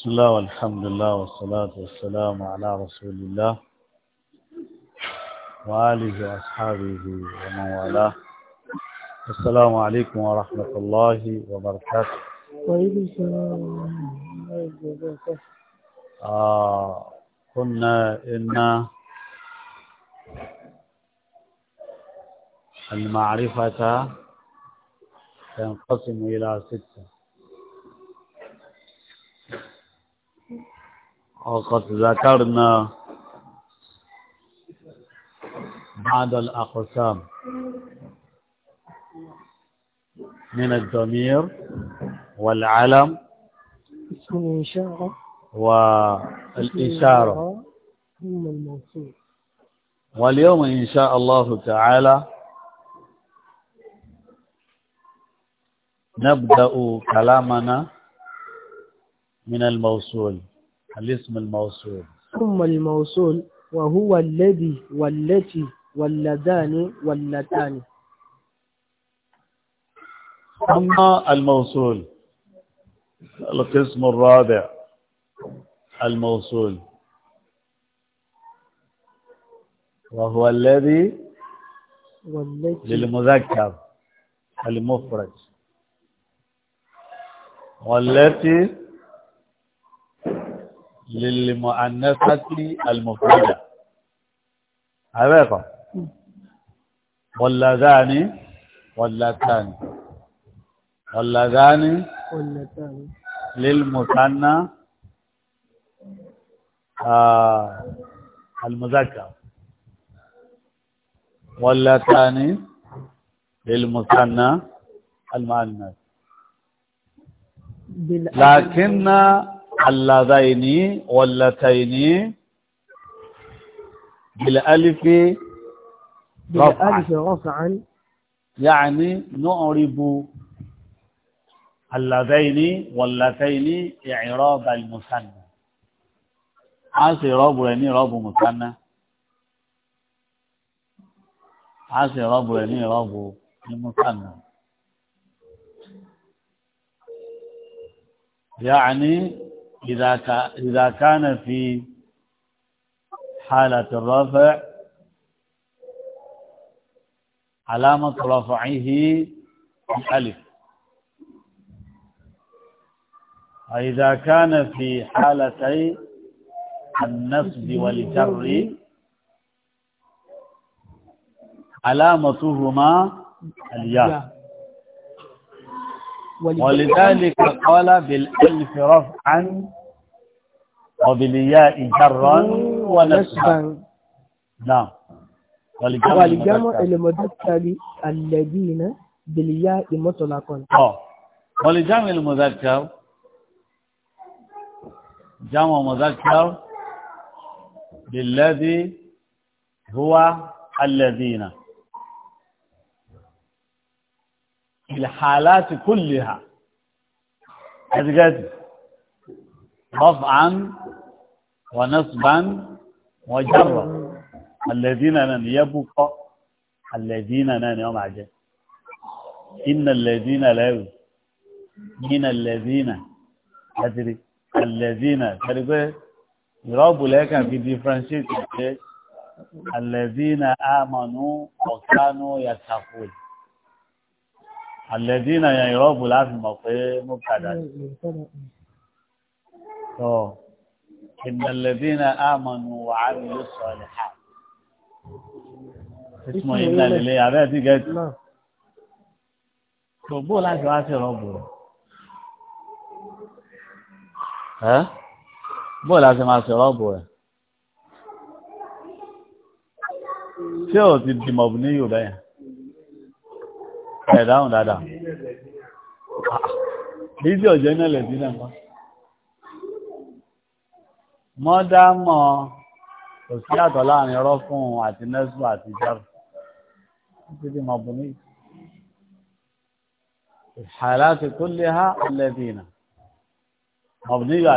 بسم الله والحمد لله والصلاة والسلام على رسول الله وآله وأصحابه ومن والاه السلام عليكم ورحمة الله وبركاته وعليكم السلام ورحمة الله وبركاته آه قلنا إن المعرفة تنقسم إلى ستة وقد ذكرنا بعض الأقسام من الضمير والعلم والإشارة والإشارة واليوم إن شاء الله تعالى نبدأ كلامنا من الموصول الاسم الموصول ثم الموصول وهو الذي والتي واللذان واللتان ثم الموصول القسم الرابع الموصول وهو الذي والتي للمذكر المفرد والتي lèlèmọ̀ anẹ́sátí alìmọ̀fẹ́dà àwẹ́ẹ̀kọ́ wọ̀làdáni wọ̀làtáni wọ̀làdáni lèlmùsánná alìmọ̀zákà wọ̀làtáni lèlmùsánná alìmọ̀ánà lákínná اللذين واللتين بالالف بالالف رفعا يعني نعرب اللذين واللتين اعراب المثنى عاصي راب يعني راب مثنى عاصي راب يعني راب المثنى يعني إذا كان في حالة الرفع علامة رفعه الألف وإذا كان في حالتي النصب والجر علامتهما الياء ولذلك قال بالالف رفعا وبالياء جرا ونسبا نعم والجمع المذكر الذين بالياء مطلقا اه والجمع المذكر جمع مذكر بالذي هو الذين الحالات كلها أدقات رفعا ونصبا وجرا الذين لن يبقى الذين لن يوم عجل إن الذين لا من الذين أدري الذين تربيه يراب لك في differentiate الذين آمنوا وكانوا يتقون àlẹ́dínà yẹn ìrọ́bù láti mọ̀ pé mú padà sí. tó ìnàlẹ́dínà àmọ̀nù wà á ní ló sọ ọ̀lẹ̀ ha. ìtumọ̀ ìnàlẹ́lẹ́ abẹ́ ti gẹ̀ẹ́tì. gbogbo láti wá sí ìrọ́bù rẹ̀. ẹ́ bó láti máa sí ìrọ́bù rẹ̀. ṣé o ti dìmọ̀ ní Yorùbá yẹn? ẹ̀dáhùn dáadáa bíbí ọ̀jẹ́ náà lẹ̀ dínà mọ́ mọ́dámọ̀ kò sí àtọ̀ láàrin ọ̀rọ̀ fún àti nẹ́sùn àti jẹ́rù títí mọ̀ bùnú ìhàlá ti kó lé ha lẹ́bìnà mọ̀ bùnú ìyọ̀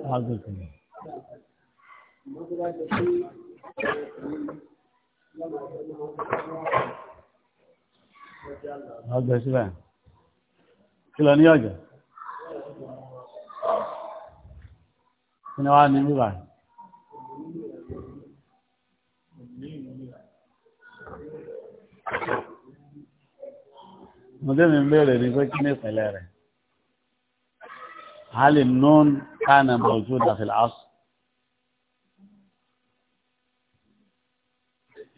Ọgbẹ̀ síbẹ̀. Kí lọ ní ọjọ́? Kí ni wá ní mú báyìí? Mo dé mi ń bèèrè ní pé kí ní ìpínlẹ̀ rẹ̀. هل النون كان موجودة في العصر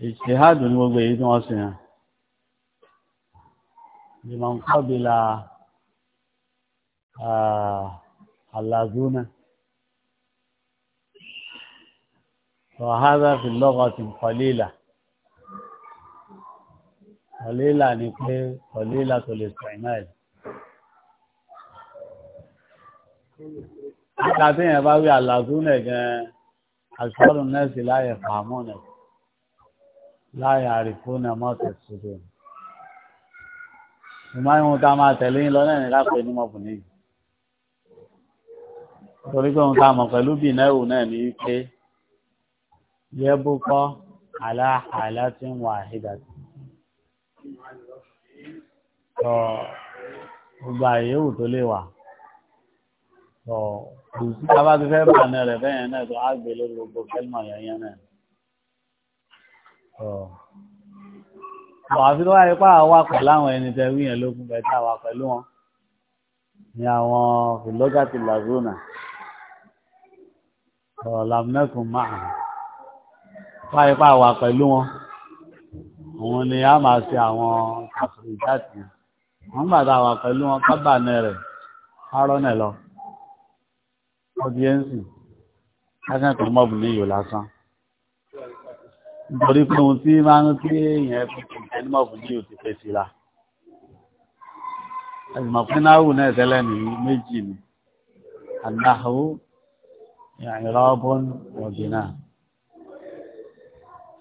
اجتهاد gbogbo إيه؟ واسنة يعني. لمن قبل آه، اللاذون وهذا في اللغة قليلة قليلة يعني إيه؟ قليلة الاستعمال nígbà tí yẹn bá wí àlàzú nẹ̀ gan-an àṣọ́rùn náà sì láyẹ̀ pàmò nẹ̀ láyẹ̀ àrífò nẹ̀ mọ́tẹ̀ ṣùgbọ́n ìmọ̀ ìhun tá a máa tẹ̀lé yín lọ náà ní lápẹ́ ní mọ̀bùnì torí pé òun tá a mọ̀ pẹ̀lú bì náà wò náà ní pé yẹ́bùkọ́ aláhàlá tí ń wà ìdàtí gbogbo àyẹ̀wò tó lè wà ọ̀pùsí tábà ti fẹ́ bà ní rẹ̀ bẹ́yẹn náà tó ágbé lórí gbogbo kẹ́lmọ̀ yẹn náà ọ̀ àfi tó wáyé pá àwa pẹ̀lú àwọn ẹni tẹ wíyẹn lókun bẹ̀ tá àwa pẹ̀lú wọn ni àwọn fìlọ́gà ti làgónà ọ̀ làmúnẹ́kùn máa wáyé pá àwa pẹ̀lú wọn òun ni a máa ṣe àwọn kàfìrì jáde wọn gbàdá àwa pẹ̀lú wọn kábà náà rẹ̀ arọ́nà lọ ọdíẹ́nsì akẹ́kọ̀ọ́ mọ́bùlì yìí lásán nítorí pé ohun tí máa ń tí èèyàn fi kìkẹ́ ní mọ́bùlì yìí ti pèsè la ẹ̀sìmọ̀ pé náhù náà tẹ́lẹ̀ ní méjì ni aláhù ìrọ̀bùn ọ̀dìnà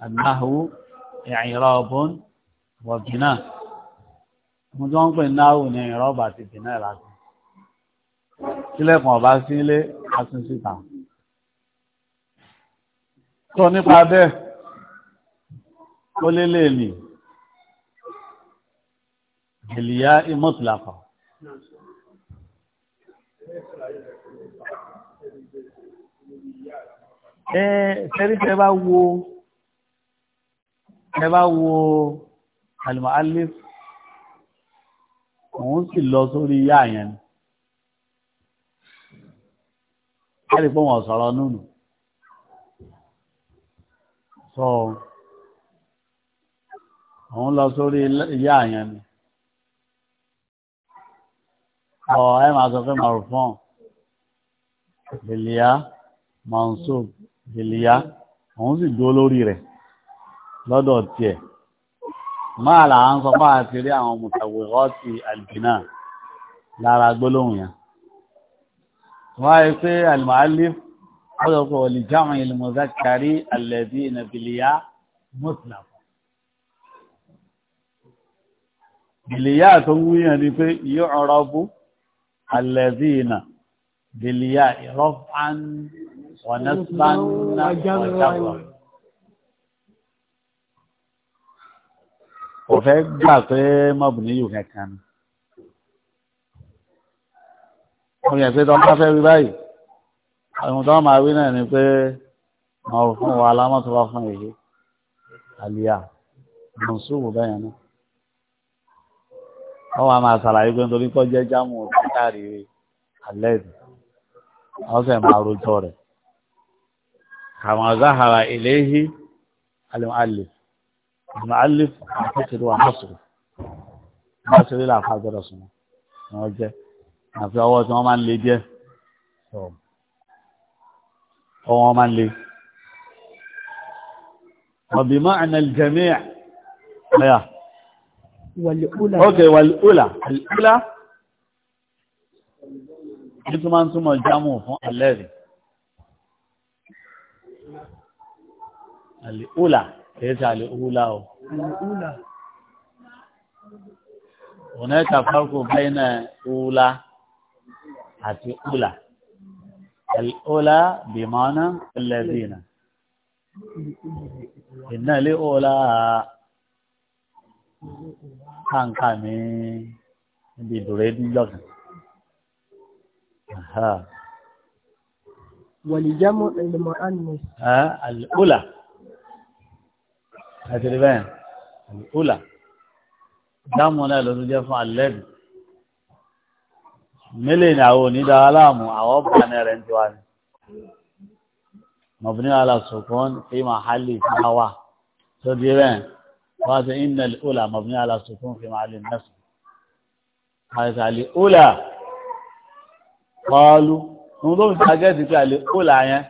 aláhù ìrọ̀bùn ọ̀dìnà mo tí wọ́n ń pè náhù ní ìrọ̀bà ti dìnà ìlàkùn sílẹ̀kùn ọ̀bá sílé asún síta tó nípa bẹ́ẹ̀ ó lé lè lè ìlìyà ìmọ̀tìláfà ẹ̀ẹ́sẹ̀rí tẹ́ bá wo tẹ́ bá wo alìmọ̀ alif òun sì lọ sórí yáà yẹn ni láti pé wọn sọ̀rọ̀ nùnù sọ òun lọ sórí ìyá àyàn ni ọ ẹ máa sọ pé marufon bìlíà mansoub bìlíà òun sì dúró lórí rẹ̀ lọ́dọ̀ tiẹ̀ máa là ń sọ fún àti àwọn mùtàwé ọtí àlìbínà lára gbólóhùn yẹn wọ́n á yẹ pé al-mu'allif ọ̀dọ̀ kò lè jáwọn al-muzakkari alẹ́bí ìnàbìlìyà mutlaq. bìlìyà tó ń wíyàn ni pé yu'rabu alẹ́bí ìnà bìlìyà raf'an wa nasban wa kò fẹ́ gbà pé mọ́bùnú yìí kankan ó yẹ pé tọ́ka fẹ́ wí báyìí ohun tó máa wí náà ni pé wọn ò fún wa alámọ́tòlá fún èyí àlìyà mọ̀nsúwò bẹ́yẹn náà wọ́n wá máa ṣàlàyé pé nítorí kọ́ jẹ́ jámù káàrí alẹ́ ìdí wọ́n sì máa rojọ́ rẹ̀ kàmá záhara ìléhí alimali alimali àti tìrìwà násìrì násìrì làfà gbọ́dọ̀ sùn wọn jẹ́. àfi ọwọ́ tí wọ́n máa ń le díẹ̀ ọwọ́ wọn máa ń le. ọ̀bì mọ́ àná ìjẹ̀míà ọ̀yà. wàlúùlà. ok wàlúùlà wàlúùlà. ní tí wọ́n túmọ̀ jámù fún alẹ́rì. àlùùlà kìí ṣe àlùùlà o. àlùùlà. هناك فرق بين أولى àti ula ula bimana alladhina iná ilé ula kàǹkà ní ibi ìdúrẹ́ níjọ́kan. Wàlìjámọ́ ẹlẹ́mọ̀ ánìmọ̀. Ula. Àti rí bẹ́ẹ̀. Ula. Dámọ̀ náà lọ́dún jẹ́ fún àlẹ́dùn mele ni àwọn onídà aláàmù àwọn bàánẹ rẹ̀ ń tiwa ni mọ̀bìnì alásùkún fi mahali fáwà tó di rẹ̀ wá sí iná ìlúlà mọ̀bìnì alásùkún fi mahali nẹ́sùn àìsà àlè úlà kọlu ohun tó fi tàgẹ́tì pé àlè úlà yẹn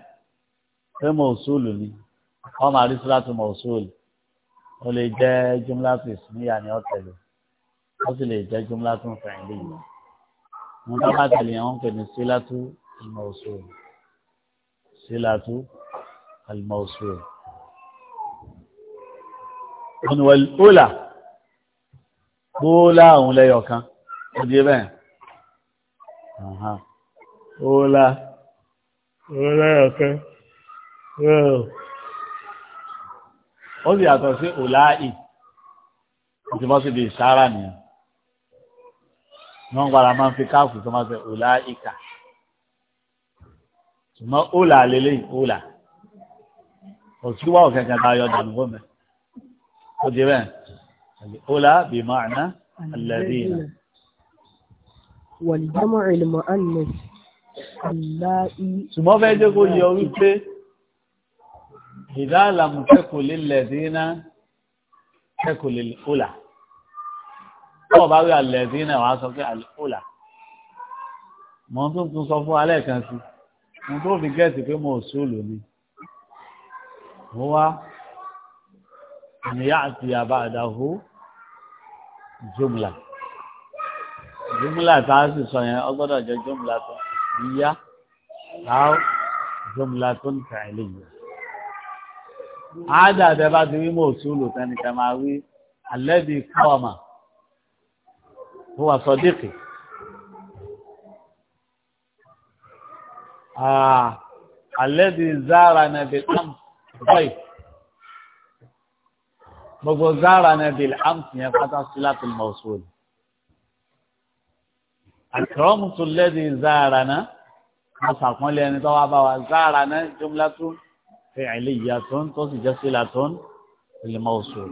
pé mọ̀ọ́sùlù ni wọ́n máa rí sílátù mọ̀ọ́sùlù ó lè jẹ́ jùmlátù ìsìníyà ni ó tẹ̀lé ó sì lè jẹ́ jùmlátù fẹ̀yìndì yìí wọn bá bá tẹ̀lé wọn pè ní sílátú al-mawsul sílátú al-mawsul. wọn ni wọ́n ọ̀là ọ̀là òun lẹ́yọ̀ kan ó di bẹ́ẹ̀ ọ̀là òun lẹ́yọ̀ ó sì yàtọ̀ sí ọ̀là ì ó ti bọ́ síbi ìsára nìyẹn wọ́n padà máa ń fi káàfù tó máa ń sọ ọ̀là ìkà ṣùgbọ́n ọ̀là lélẹ́yìn ọ̀là òṣìwà òkèkè tá a yọ dànù fún mi ó di bẹ́ẹ̀ ọ̀là bí máa ná alladhina. والجمع المؤنث اللائي ṣùgbọ́n fẹ́ jẹ́ kó yọ wípé ìdá àlàmù kẹ́kọ̀ọ́ lílẹ̀ dínà kẹ́kọ̀ọ́ lílẹ̀ ọ̀là tó bá wí àlẹ́sí náà wàá sọ pé àlùkòlà mo tún tún sọ fún alẹ́ kan sí mo tó fi gẹ̀ẹ́sì pé mo sùúlù ni mo wá ìyá àti àbá àdáhù jùmùlà jùmùlà tá a sì sọ yẹn ó gbọ́dọ̀ jẹ́ jùmùlà tó ìyá láwọ́ jùmùlà tó ń tẹ̀ ẹ́ lẹ́yìn àádà tẹ bá ti wí mo sùúlù tẹnikẹ́ máa wí alẹ́ bíi kọ́ ọ̀ma. هو صديقي آه. الذي زارنا بالأمس طيب gbogbo zárana bil amsi yẹn pátá sílátì mọ̀sùlù àkàrọ̀mùtù lẹ́dí zárana asàkúnlẹ̀ ẹni tó wá bá wa zárana jumlatu fi'liyyatun tó sì jẹ́ sílátì mọ̀sùlù.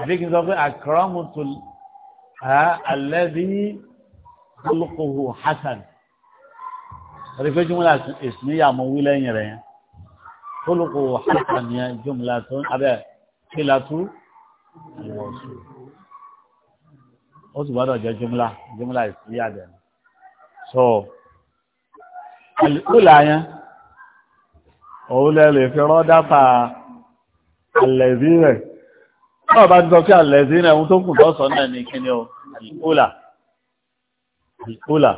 àbí kí n sọ pé àkàràmùtù alẹ́bí olùkòwò hasan rí pé jùmọ̀lá ìsìníyà mọ̀ wí lẹ́yìn rẹ̀ yẹn olùkòwò hasan yẹn jùmọ̀lá tó abẹ́ kílátú ìwọ̀sù ó sì gbọ́dọ̀ jẹ́ jùmọ̀lá jùmọ̀lá ìsìníyà dẹ̀ so ìlà yẹn òun lẹ́rìí fi rọ́ dáta alẹ́bí rẹ̀ náà bá ń sọ pé àlẹ́sí náà ohun tó kù tó sọ náà ní kíni o àlìkólà àlìkólà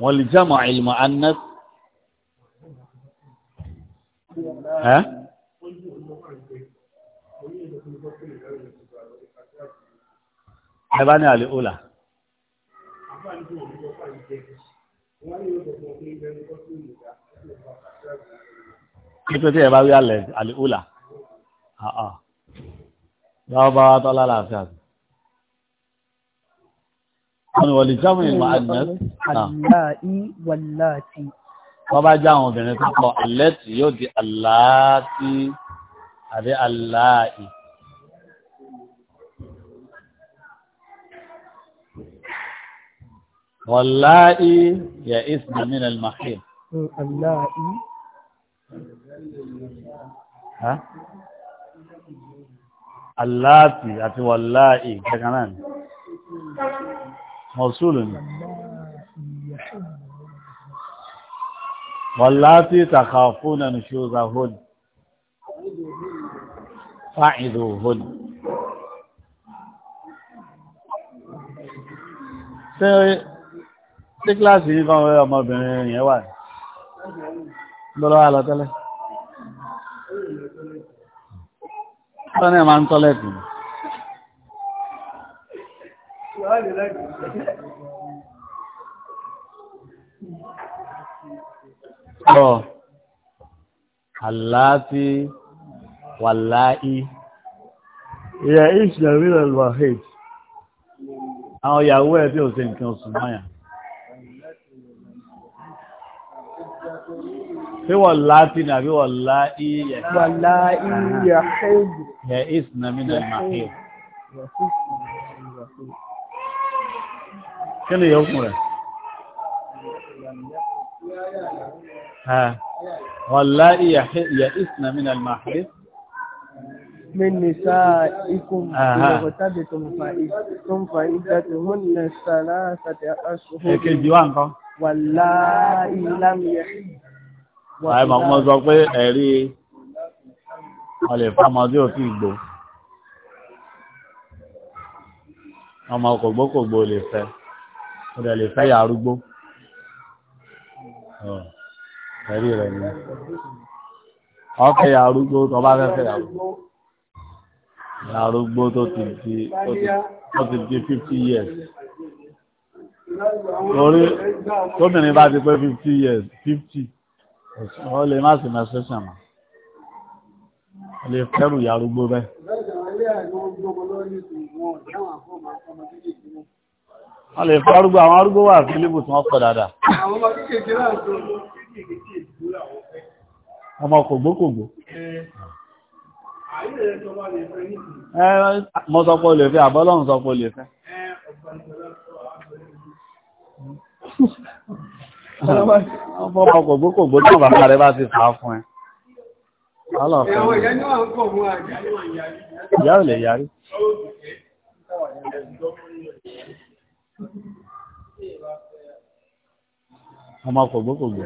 wọ́n lè jámọ̀ àìlmọ̀ anẹ́ ẹ́ ẹ bá ní àlìkólà nítorí ẹ bá rí àlẹ́ àlìkólà. àà lọ́ba tọ́lá làáfíà wọn wọ̀lì jámù ìmọ̀ àdínẹ́sì wọ́n bá já àwọn obìnrin tó pọ̀ àlẹ́tì yóò di àláàtì àbí àláàì wọ̀láì yẹ ìsìnàmínà ìmàkì àláàì aláàtì àti wàláì kẹkànnà ni mọ̀súlù ni wàláàtì tàkà fún ẹnu ṣúra hòn fáìdò hòn tí kíláàsì yìí kan wẹ́ ọmọbìnrin yẹn wà lọ́lọ́wà lọ́tẹ́lẹ̀ lọ́nà máa ń tọ́lẹ̀tì ọ̀ aláti wàláì ìyẹ̀ ìṣẹ̀rí al-wahid àwọn ìyàwó ẹ̀ bí ò sí nǹkan oṣù máyà Bí wọ̀n láti ní àbí wọ̀n láì yẹ̀. Wọ̀n láì yẹ̀ ṣẹ́gbù. يئسن من المحيط kí ni ìyókùn rẹ̀? wàlá يئسن من المحيط من نسائكم وقتبتم فإذتم فإذتهن ثلاثة أشهر èkejì wà nǹkan wàlá لم يحيض wàá mọ̀ mọ́ sọ wọ́n lè fọ́mọdé òfin ìgbò ọmọ kògbókògbò lè fẹ́ ó dẹ̀ lè fẹ́ yà arúgbó ẹ̀rí rẹ̀ ni ọkẹ́ yà arúgbó tó bá fẹ́ fẹ́ yà arúgbó yà arúgbó tó ti di tó ti di fifty years torí tóbìnrin bá ti pé fifty years fifty ó lè má sí menstruation mọ́ lè fẹ́rù ìyàrúgbó bẹ́ wọ́n lè fẹ́ arúgbó àwọn arúgbó wà sí ilébù tí wọ́n pọ̀ dáadáa ọmọ kògbókògbó mọ́ sọpọ̀ lè fẹ́ àbọ́lọ́run sọpọ̀ lè fẹ́ ọmọ kògbókògbó tí wọ́n bàbá rẹ bá ti fà á fún ẹ Aláàfẹ́. Ìyá ò lè yarí. Ọmọ kògbókògbò.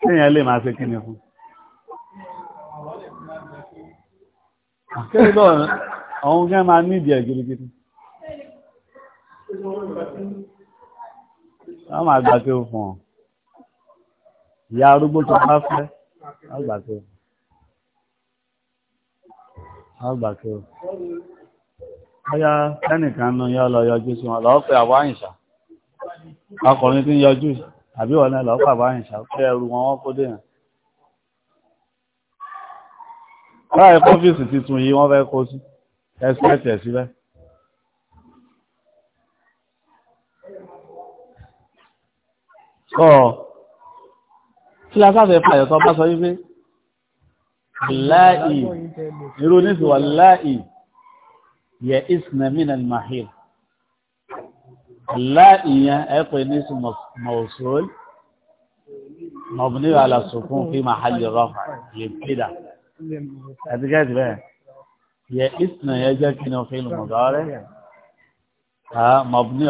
Kíyàn lè máa ṣe kí ni fún? Kíyàn lọ́rọ̀, ọ̀hun gẹ́ máa nídìí ẹ̀ gírígírí wọ́n máa gbà pé ó fún ọ ìyá arúgbó tó bá fẹ́ wọ́n gbà pé ó wọ́n gbà pé ó bóyá ẹnìkan nu yọ lọ yọjú sí wọn lọ́ọ́ pé àwọn àyìnṣà ọkùnrin tí ń yọjú àbí wọn náà lọ́ọ́ pé àwọn àyìnṣà pé ẹrù wọn wọ́n kó dènà. báyìí kọ́fíìsì tuntun yìí wọ́n fẹ́ kó sí ẹsẹ̀ ẹ̀tẹ̀ kọ́ ọ tí lásáfẹ́ fàyọ̀ tó bá sọ wípé láì irú nífi wà láì yẹ ìsìnàmínà mahir láì yẹn ẹ̀pẹ̀ ní sí mọ̀sùl mọ̀bùnú alàsùkún fi mahalli rafa lè pídà àti gẹ́ẹ̀tì bẹ́ẹ̀ yẹ ìsìnà yẹ jẹ́ kí ni ó fi lùmọ̀dọ́rẹ́ mọ̀bùnú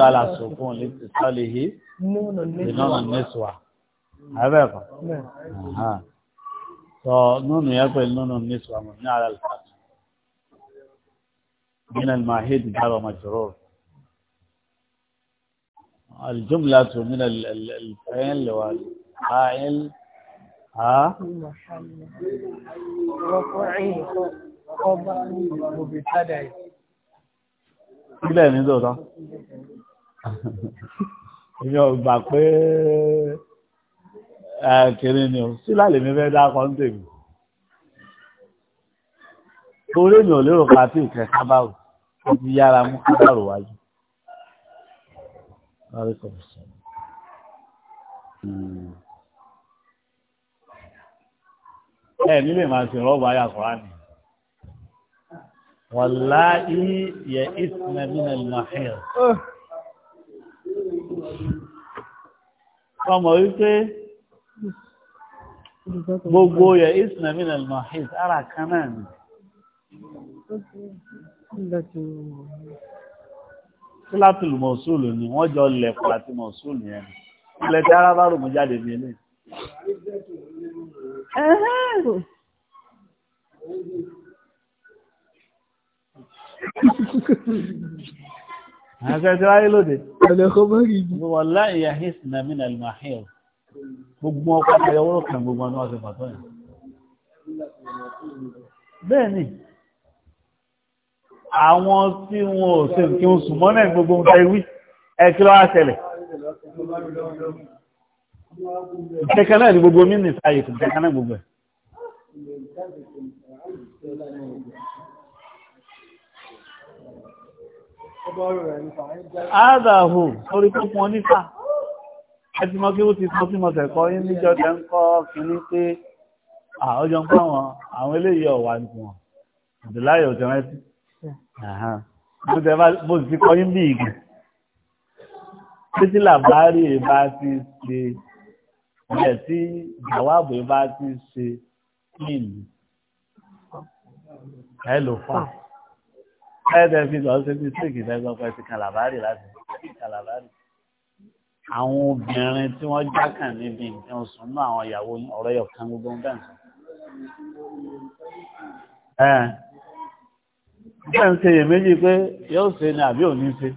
نون النسوة نون النسوة حبيبة نعم نون يقول نون النسوة مبني على الفتح من الماهيد جار مجرور الجملة من الفعل والفاعل ها رفعي خبر مبتدئ كده يعني دوره èmi ò gbà pé kìnní ni o sílá lèmi fẹ́ dá kọ́ ń tèmi torí mi ò lérò pàtí ìkẹ́ kábàrò ó ti yára mú kábàrò wájú. ẹ nílé máa ṣe rọ́ọ̀bù ayé ni wàláì yẹ ìsìnàmínà ìmọ̀ ẹ̀rọ. kọmọ̀ wípé gbogbo yẹ isnamin al-mahid ara kan náà ni sílátùlù mọ̀súlù ni wọ́n jọ lẹ̀kọ̀ àti mọ̀súlù yẹn ilẹ̀ tí ara bá rò mọ́ jáde ní ilé àṣẹ tí wáyé lóde. ọ̀lẹ́kọ̀ mọ́rin ibi. wọ́n láì yà hí sinà mí nà lùmọ̀ àhẹ́ ọ̀. gbogbo ọkọ̀ ayọwọ́rọ̀ kan gbogbo ọdún ọ̀sẹ̀ pàtó yẹn. bẹ́ẹ̀ ni àwọn tí wọn ò ṣe kí wọn sùn náà gbogbo nǹkan ewì ẹ kí ló wá ṣẹlẹ̀. náà ni gbogbo mí nì náà gbogbo ẹ̀. Àádáhù orí tó pọn nípa. Ẹti mọ́ kí ó ti tán sí mọ́ tẹ̀kọ́ yí níjọ́ tẹ́ ń kọ́ kìíní pé àọ́jọ́ ń pàwọn àwọn eléyìí ọ̀wà ní wọn. Ìdìláyè òjò rẹ̀ sí. Bó ti kọ́ yí bí ìgbì. Títí làbárí ìbá ti ṣe ẹ̀ẹ́dẹ̀ fi lọ sí bí síkì lẹ́gbọ́n pẹ́ sí kalabari láti kalabari. àwọn obìnrin tí wọ́n jákàn níbi nǹkan oṣù náà àwọn ìyàwó ọ̀rọ̀ yọ̀ kan gbogbo ń bẹ̀rẹ̀ ẹ̀ẹ́n bẹ́ẹ̀ ń ṣe iyèméjì pé yóò ṣe ni àbí òní ṣe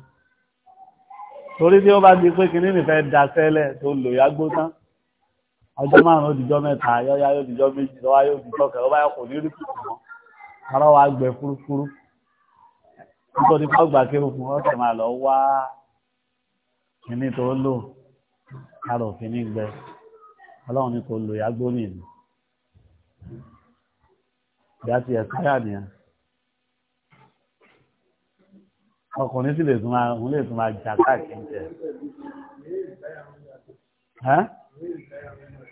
torí tí ó bá di pé kinní nìfẹ́ da sẹ́lẹ̀ tó lò yágbó tán ọjọ́ márùn-ún òdìjọ́ mẹ́ta yọ́yá yóò dìjọ́ méjì lọ́wọ́ yóò dìjọ́ kẹrọ báyọ̀ kò ní rí kùtù mọ́ ara wa gbẹ fúrúfúrú nítorí pé ọgbà fún wọn máa lọ wá kíní tó lò káàrọ̀ òfin ní gbẹ ọlọ́run ní kò lò yá gbóni ìyá ti ẹ̀ káyà nìyẹn ọkùnrin sì lè tún máa òun lè tún máa jà káàkiri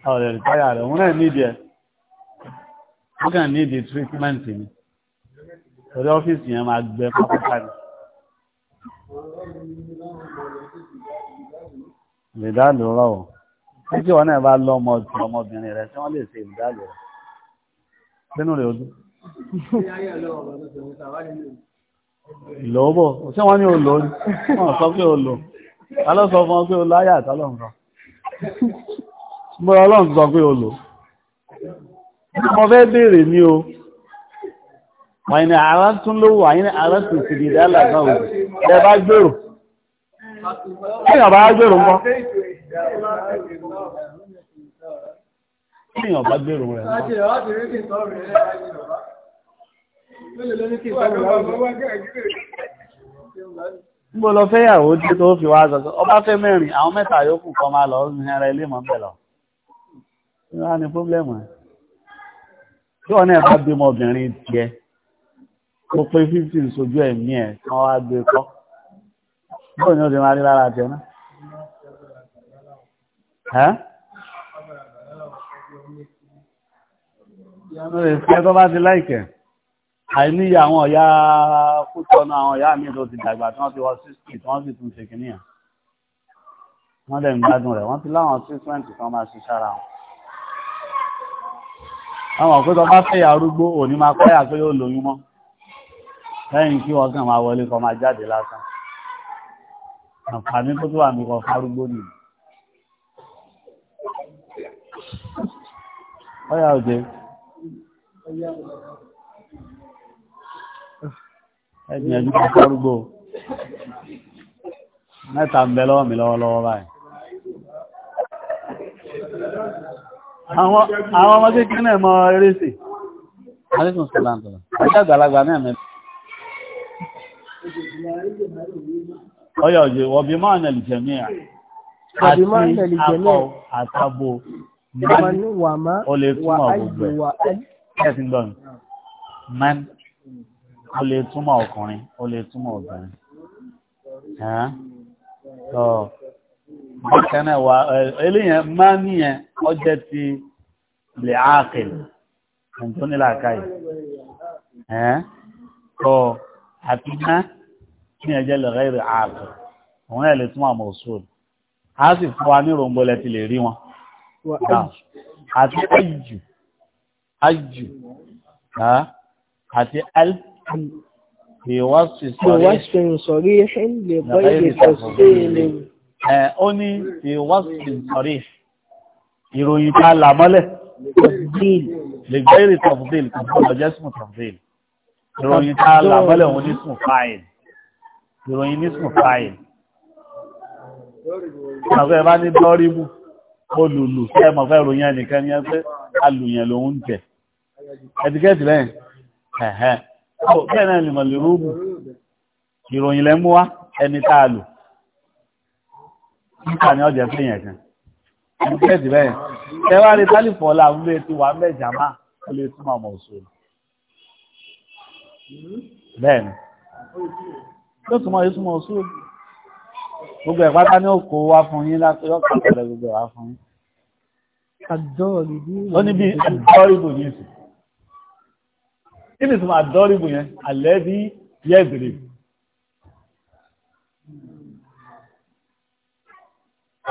ọ̀rẹ́ rẹ̀ torí ọ́fíìsì yẹn máa gbẹ pápákà ni. ìdádò rọ̀ ọ́ títí wọn náà bá lọ ọmọ ọdún ọmọbìnrin rẹ tí wọ́n lè ṣe ìdádò rẹ̀ sínú rẹ̀ ojú. ìlọ́bọ̀ ṣé wọ́n ní olò ní wọ́n sọ pé olò ta ló sọ fún ọ pé olò ayé àtọ́lọ̀ nǹkan bọ́lá ọlọ́run sọ pé olò mo fẹ́ béèrè ní o wọ́n ni ara tún lówó àyín ní ara tún sì dìde aláàbá òun ẹ bá gbèrò kíyàn bá gbèrò ńkọ́ kíyàn bá gbèrò rẹ̀ níbo lọ fẹ́ yàwó tí tó fi wá sọ́sọ́ ọba fẹ́ mẹ́rin àwọn mẹ́ta yòókù kan máa lọ ní ara ilé mọ́ bẹ̀lọ ní wá ní ẹ̀ tí wọ́n náà bímọ obìnrin tiẹ̀ ó pé fífì sojú ẹ̀mí ẹ̀ kí wọ́n wá gbé kọ́ bóyá ni ó ti máa rí lára tẹ̀ náà. ẹ́ ìyanu rẹ̀ fẹ́ tó bá ti láìkẹ̀ àìníyà àwọn ọ̀yá kútọ́nù àwọn ọ̀yá mi tó ti dàgbà tí wọ́n ti wọ sísì tí wọ́n sì tún ṣe kìnìyàn wọ́n dẹ̀ ń gbádùn rẹ̀ wọ́n ti láwọn sísmẹ́ǹtì kan máa ṣe sára wọn àwọn òpétọ́ bá fẹ́ ìyá arúgbó òní máa kọ́yà pé yóò lóyún mọ́ lẹ́yìn kí wọ́n kàn máa wọlé kọ́ máa jáde lásán àǹfààní tó tó wà ní kan fárúgbó nì ọ̀yà òde ẹ̀jìn ẹ̀jú kan fárúgbó mẹ́ta ń bẹ lọ́wọ́ mi lọ́wọ́lọ́wọ́ báyìí àwọn ọmọdé kí náà mọ eré sí alẹ́sùn sọ́lá ń tọ́lá ọjọ́ àgbàlagbà náà mẹ́ ọyọ̀ ọ̀jẹ̀ wọ̀bí máa nà lè jẹ̀mí à àti akọ àtàbò man o lè túmọ̀ gbogbo ẹ̀sìn gbọ́n man o lè túmọ̀ ọkùnrin o lè túmọ̀ obìnrin tó bákan náà wà eléyẹn máa níyẹn ọjẹ́ ti lè áàkìlì ẹ̀ńtónílàkàyè tó àti náà ní ẹjẹ́ lè rẹ́ ìrìn ààbò òun náà lè túmọ̀ àmọ̀ òṣùwòn a sì fún wa ní ròǹgbọ́lẹ̀ ti lè rí wọn àti ajù ajù àti al ìwọ́sì sọ̀rí lè bọ́ ìrìn sọ̀rí ó ní ìwọ́sì sọ̀rí ìròyìn ta là mọ́lẹ̀ lè gbé ìrìn tọ̀fùdíl kò fọ́lọ̀ jẹ́ sùn tọ̀fùdíl ìròyìn ta là òun ní sùn fáìlì ìròyìn nísùn fáyẹ̀ ọ̀fẹ́ bá ní dọ́ríbù olùlù fẹ́ mọ̀ fẹ́ ròyìn ẹnìkan ní ẹgbẹ́ alùyàn lòun jẹ ẹ̀tíkẹ́ẹ̀tì lẹ́yìn ẹ̀hẹ́ bẹ́ẹ̀ náà lè mọ̀ lè rúbù ìròyìn lẹ́ mú wá ẹni tá a lò nípa ni ọjà fẹ́ yẹn kan ẹ̀tíkẹ́ẹ̀tì lẹ́yìn yóò túnmọ̀ yóò túnmọ̀ sí gbogbo ẹ̀ pátá ní òkú wá fún yín láti ọkọ̀ ìpẹ̀lẹ̀ gbogbo wá fún yín ó ní bí àdọ́rìbù yìí sí kí ni túnmọ̀ àdọ́rìbù yẹn àlẹ́bí yẹ́dìrì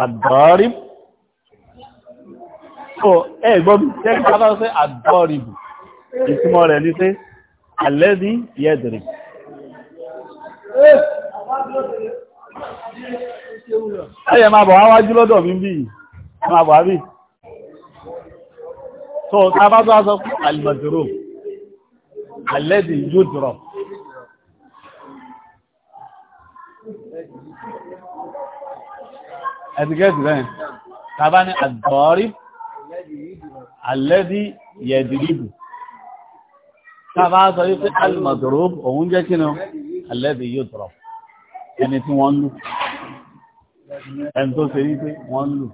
àdọ́rìbù so ẹ gbọ́dù tẹ́gbẹ́ bá sẹ́ àdọ́rìbù ìtumọ̀ rẹ̀ ní sẹ́ àlẹ́bí yẹ́dìrì Ẹyẹ máa bọ̀ wáwájú lọ́dọ̀ mi bí máa bọ̀ àbí. So, ta bá tó aṣọ fún alìmọ̀dúró, alẹ́dì yóò dúrọ̀. Ẹ̀dìgẹ́dì rẹ̀, ta bá ní àgbọ̀ọ́rí, alẹ́dì yẹ̀dìrìbù. Ta bá sọ wípé alìmọ̀dúró, òun jẹ́ kí ni alẹ́bí yóò tọrọ ẹni tí wọ́n ń lù ẹni tó ṣe wípé wọ́n ń lù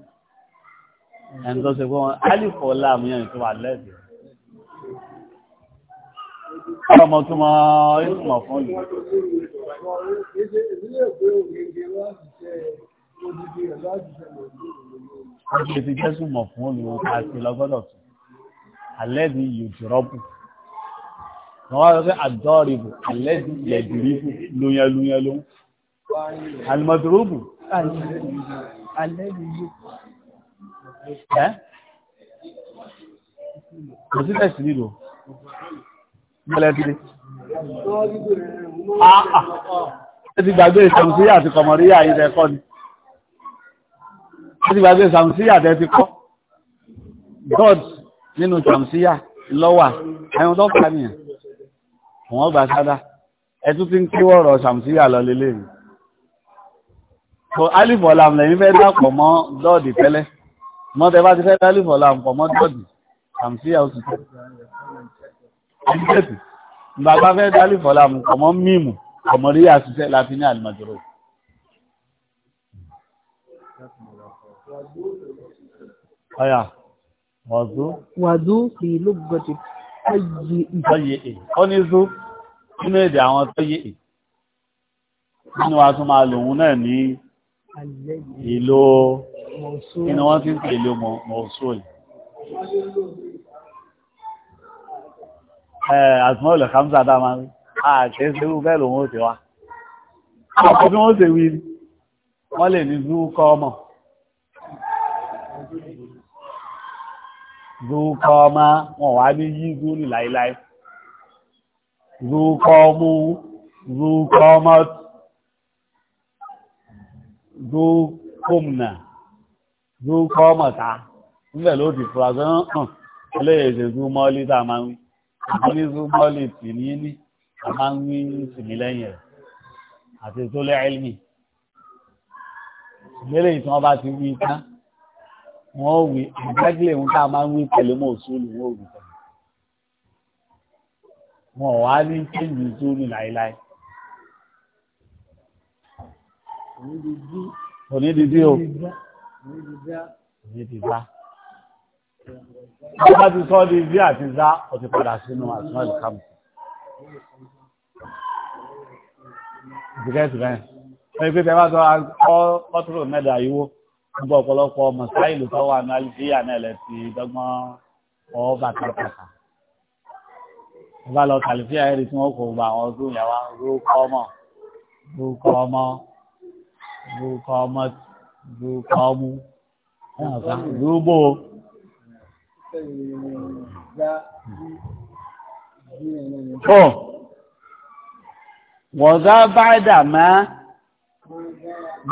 ẹni tó ṣe pé wọ́n alifọ̀ láàmú yẹn tó wà lẹ́bí ọmọ tó mọ ìtumọ̀ fún yìí. Ọjọ́ ti jẹ́ súnmọ̀ fún olùwọ́n àti lọ́gọ́dọ̀ tó. Alẹ́bí yóò tọrọ bù wọ́n wá sọ pé àdọ́rìbù àlẹ́dìlẹ́dìrìbù lóyẹlóyẹló alimọ̀dúróbù ẹ́ kò sí tẹ̀sí nílò gbẹ́lẹ́dìrí àà ah, ah. ẹ ti gbàgbé ìsàmùsí àti kọmọrí àyí rẹ̀ kọ́ ni ẹ ti gbàgbé ìsàmùsí àti ẹ ti kọ́ god nínú ìsàmùsí lọ́wà ẹ̀yùn tó kà nìyàn wọ́n gbà sádá ẹtú tí ń kí wọ́rọ̀ ṣàmùsíyà lọ lélẹ̀ mi so alifọ̀lam lẹ́yìn fẹ́ dápọ̀ mọ́ dọ́ọ̀dì tẹ́lẹ̀ mọ́tẹ́ bá ti fẹ́ dálifọ̀lam pọ̀ mọ́ dọ́ọ̀dì ṣàmùsíyà oṣù tẹ́lẹ̀ bàbá fẹ́ dálifọ̀lam pọ̀ mọ́ mímù pọ̀ mọ́ rí àṣìṣẹ́ láti ní àlùmọ̀jọ́rò wàdú wàdú fi ló gbọ́dọ̀ tọ́yé è ó ní zú nínú èdè àwọn tọ́yé è nínú wa tún máa lòun náà ní ìlò inú wọ́n ti ń pè lò mọ̀ọ́sùn àtúmọ̀ ìlẹ̀ kamsa dáma rí àti ṣerú bẹ́ẹ̀ lòun ó ti wá ọkọ̀ bí wọ́n ṣe wí wọ́n lè ní zú kọ́ mọ̀ zukọ́ọ́má wọn wá ní yí zúrì láíláí zukọ́ọ́mú zukọ́ọ́mọ́ zukọ́mùnà zukọ́ọ́mọ̀ta níbẹ̀ ló ti fura sọ́nà hàn eléyèsè zumọ́lì tá a máa ń wí àti ní zumọ́lì tì ní ní a máa ń wí sìmí lẹ́yìn rẹ̀ àti tó lẹ́ẹ̀lì ìgbélé ìtàn ọba ti wí tán wọ́n wí ìgbẹ́gbẹ́ ohun tá a máa ń wí pẹ̀lú mọ́ òṣùlù wọ́n wí pẹ̀lú. wọn ò wá ní kéjì zúrù láéláé. onídìdí o onídìdí bá. wọ́n bá ti sọ ọ́ di bí àti zá ó ti padà sínú àtúnwá ìkàmù. ìdíkẹ́ ìsìnkú ẹ̀ ẹ́ pé tẹ́ bá sọ ọ́ pọ́tùrù mẹ́ta yìí gbogbo ọ̀pọ̀lọpọ̀ mọ̀sáìlì tó wà ní algeria náà lẹ ti dọ́gbọ́n ọwọ́ bàtàkàtà ọba lọ kàlífíà ẹ̀rí tí wọ́n kò gba àwọn ọdún yẹn wá rúkọ ọmọ rúkọ ọmọ rúkọ ọmọ rúkọ ọmú rúbò. wọ́n dá báyìí dà máa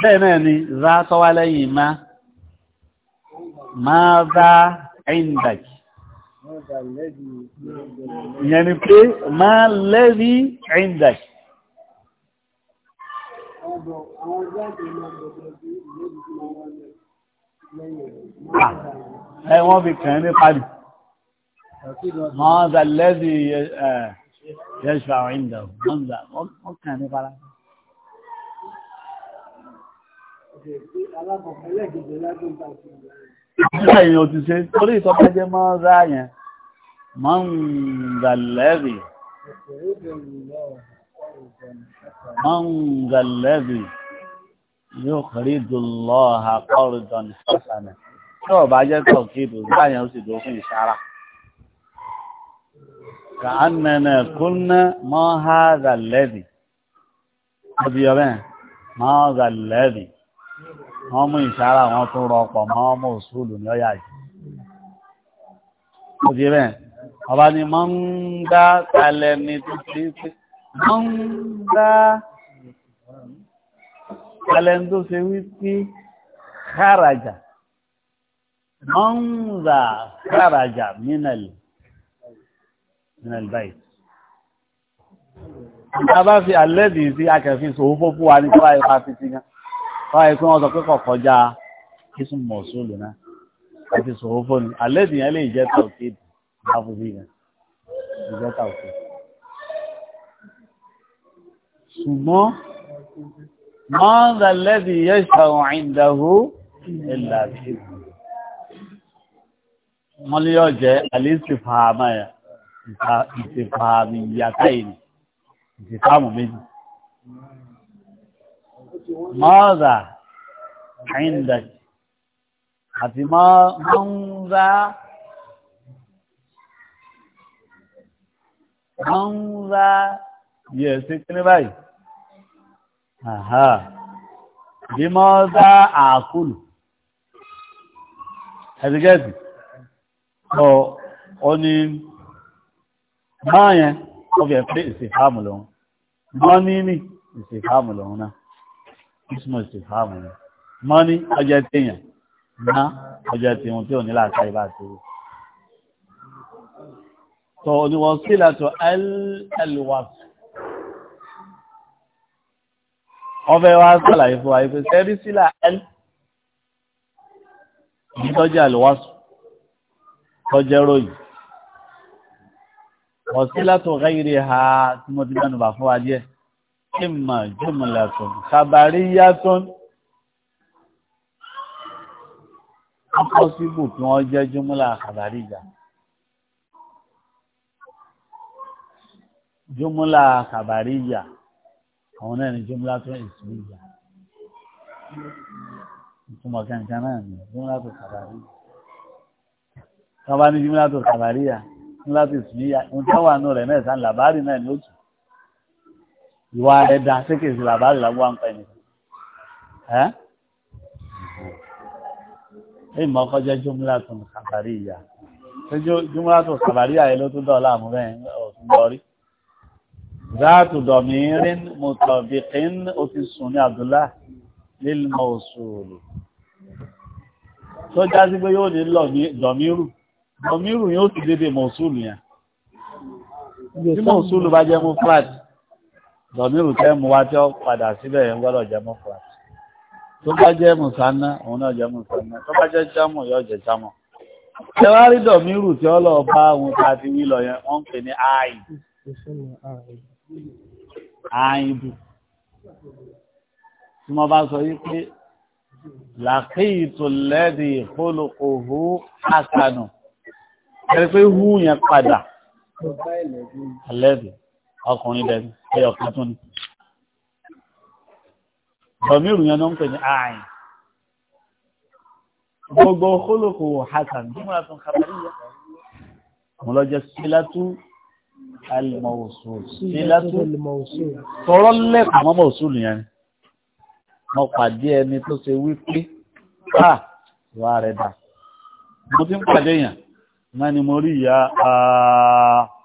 bẹ́ẹ̀ náà ni za tọ́wá lẹ́yìn má máa bá ẹ̀yìndàkì ìyẹn ni pé máa lẹ́rí ẹ̀yìndàkì ah, ẹ wọ́n fi kàn ní pàdì máa zà lẹ́rí ẹ̀yìndàkì eh, wọ́n kàn ní pàdì Ẹ̀yìn òtù ṣe torí ìtọ́pẹ́ jẹ́ mọ́ ráyẹn, mọ́ ń gàlẹ́rì. Mọ́ ń gàlẹ́rì yóò kọrí dùlọ àkọ́rùdọ̀n ìṣọ́sànà. Tí ọ̀bá jẹ́ tọ̀kìdù ráyẹn ó sì dó fún ìṣára. Kàánẹ̀nẹ̀ kúnnà mọ́ ha gàlẹ́rì. Ọbí ọ̀rẹ́ mọ́ gàlẹ́rì wọ́n mú ìṣára wọn tún rọ ọ̀pọ̀ mọ́ ọmọ òṣùlù ní ọ̀yà yìí. ó di bẹ́ẹ̀ ọba ni mọ́ ń dá kalẹ̀ ní títí pé mọ́ ń dá kalẹ̀ tó ṣe wípé kárajà mọ́ ń dá kárajà mínàlì mínàlì báyìí. a bá fi alẹ́ bìí sí akẹ́fíìsì òun fún wa ní kọ́lá ìfà títí gan báyìí pé wọ́n sọ pé kọ̀kọ́já kísùn mọ̀ọ́sùlù náà àti sọ̀rọ̀ fún mi àlẹ́ ìdìyàn lè jẹ́ tàùkì láfùbí rẹ̀ ìjẹ́ tàùkì. ṣùgbọ́n máa ń dàlẹ́bì yẹ́ ìṣàwọn ìdàhó ẹ̀là àti wọ́n ní yóò jẹ́ àlìsìfàmà ìsìfàmì ìyàtà ìrìn ìsìfàmù méjì mọ́ọ̀dà àyíǹdàj àti mọ́ọ̀dà mọ́ọ̀dà yẹ̀ sí kíní báyìí àhá bí mọ́ọ̀dà àkùlù ẹ̀dìgẹ́dì ọ̀ ọ ni máa yẹn ọbẹ̀ pé ìsìfàmù lòun mọ́ ní ní ìsìfàmù lòun náà christmas ti fáàmù ni mọ́ní ọjọ́ téèyàn ná ọjọ́ tiwọn tí ò ní làákà ibà tó rí. tó ní wọ́n sí ìlàtọ̀ alwaf ọbẹ̀ wa sàlàyé fún wa yìí pé sẹ́rí sílà ẹl ìtọ́jú alwaf tọ́jẹ́ ròyìn wọ́n sí ìlàtọ̀ gáyìrì ha tí mo ti dánù bà fún wa díẹ̀ ìmọ̀ jùmùlàtún kàbàríyàtún apọ́síbù kí wọ́n jẹ́ jùmùlà kàbàríyà jùmùlà kàbàríyà àwọn náà ni jùmùlà tún ìsìlíyà ìtumọ̀ kankan náà ni jùmùlà tún kàbàríyà tọ́ba ní jùmùlà tún kàbàríyà jùmùlà tún ìsìlíyà ìtumọ̀ wà nù rẹ̀ náà sàn làbárì náà ni ó tù ìwà rẹ̀ da sí kìí sí bàbá àgbàlagbà ń pẹ́ ni ẹ́ ẹ̀ mọ́ kọjá jùmúlà tó ń sàbàrí ìyá jùmúlà tó sàbàrí ìyá ló tún dọ̀ọ́lá àmú bẹ́ẹ̀ ọ̀tún lọ́rí záàtù dọ̀míírín mùtọ̀bìkín sùn ní Abdullah lil Mawsul tó já sí pé yóò ní dọ̀míírù dọ̀míírù yóò ti dédé Mawsul yẹn tí Mawsul bá jẹ́ mú fúláàtì dọ̀míìrù tẹ́ mu wá tí ó padà síbẹ̀ yẹn gbọ́dọ̀ jẹ́ mọ́ fún wa tó bá jẹ́ mùsànà òun náà jẹ́ mùsànà tó bá jẹ́ jámù yóò jẹ́ jámù ṣe wá rí dọ̀míìrù tí ó lọ bá òun tá a ti wí lọ yẹn wọ́n ń pè ní ààyè ààyè tí mo bá sọ yìí pé làkìtù lẹ́dí ìkólókòhó àkànù ẹ̀rí pé hú yẹn padà lẹ́dí ọkùnrin dẹ̀ ẹyọ kan tún ni. Bọ̀mírù yẹn ló ń pè ní ààyè. Gbogbo kólókò Hasan Jumla tún Kàbàríyà. Mo lọ jẹ Sílátú Alimọ̀wòsù. Sílátú tọrọ lẹ́kọ̀ọ́ mọ́ Mọ̀sùlù yẹn. Mo pàdé ẹni tó ṣe wípé ká ìwà rẹ̀ dà. Mo ti ń pàdé yẹn. Mẹ́ni mo rí ìyá àá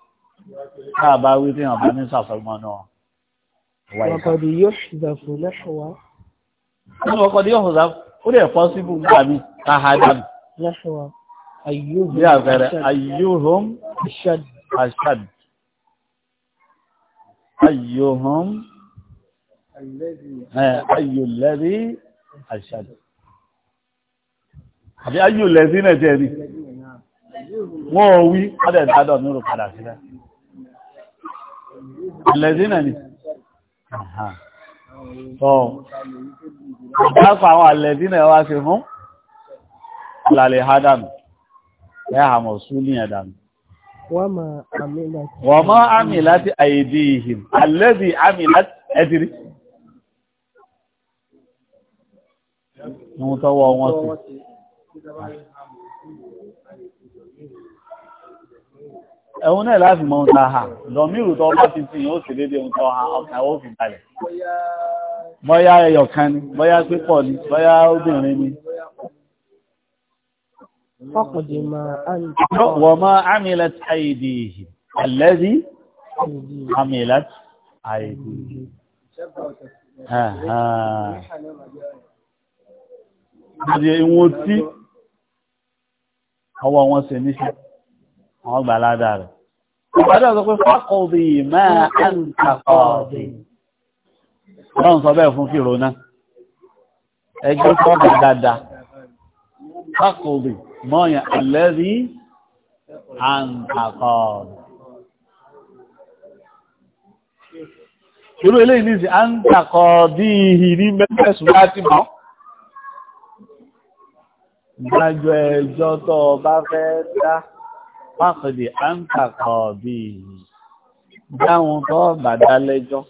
káà bá wí téèyàn bá ní sàfẹ́mọ́ náà wà ìsà. ọkọ̀dì yóò ṣùdàfù lẹ́ṣọ̀wá. ní ọkọ̀dì yóò ṣùdàfù ó lè pọ́ sí fún gbà mí káha dànù. lẹ́ṣọ̀wá ayéhùn àṣàd. ayéhùn àṣàd. ayéhùn ayéhùlẹ́rí àṣàd. àbí ayéhùlẹ́rí náà jẹ́ rí. wọ́n wí ọ̀dẹ̀ dádọ̀ nírò Àlẹ́dínà ni. Ọ̀ ìdápa àwọn àlẹ́dínà wá ṣe fún lálẹ́ Hádàmù, ẹ̀hàmọ̀ súnì ẹ̀dàmù. Wọ́n máa àmì láti àìdí ìhìn, àlẹ́dì àmì láti ẹ̀dìrí. Ní ẹ̀hún náà láti mọ ohun tá a hà lọ́mírù tó bá ti sìn ó sì dédé ohun tó hà ọkàn ó fi balẹ̀. bóyá ẹyọ kan ni bóyá pípọ̀ ni bóyá obìnrin ni. wọ́n máa amílẹ̀ àìdì ẹ̀lẹ́dì amílẹ̀ àìdì. Àti ìwọ̀n tí ọwọ́ wọn ṣe níṣẹ́, àwọn gbà ládàá ìpàdé ọ̀sọ̀ pé fákọ̀ọ̀dì máa ń kàkọ̀ọ̀dì wọ́n sọ bẹ́ẹ̀ fún fìrò náà ẹgbẹ́ sọ́ọ̀dì dáadáa fákọ̀ọ̀dì mọ́yàn àlẹ́rí ń kàkọ̀ọ̀dì irú eléyìí nìsí à ń kàkọ̀ọ̀dì ìhì ní láti mọ́ ìdájọ́ ẹjọ́ tó bá fẹ́ dá fáfẹ̀dì àǹkàkọ̀ bí dáhùn tó bàdá lẹ́jọ́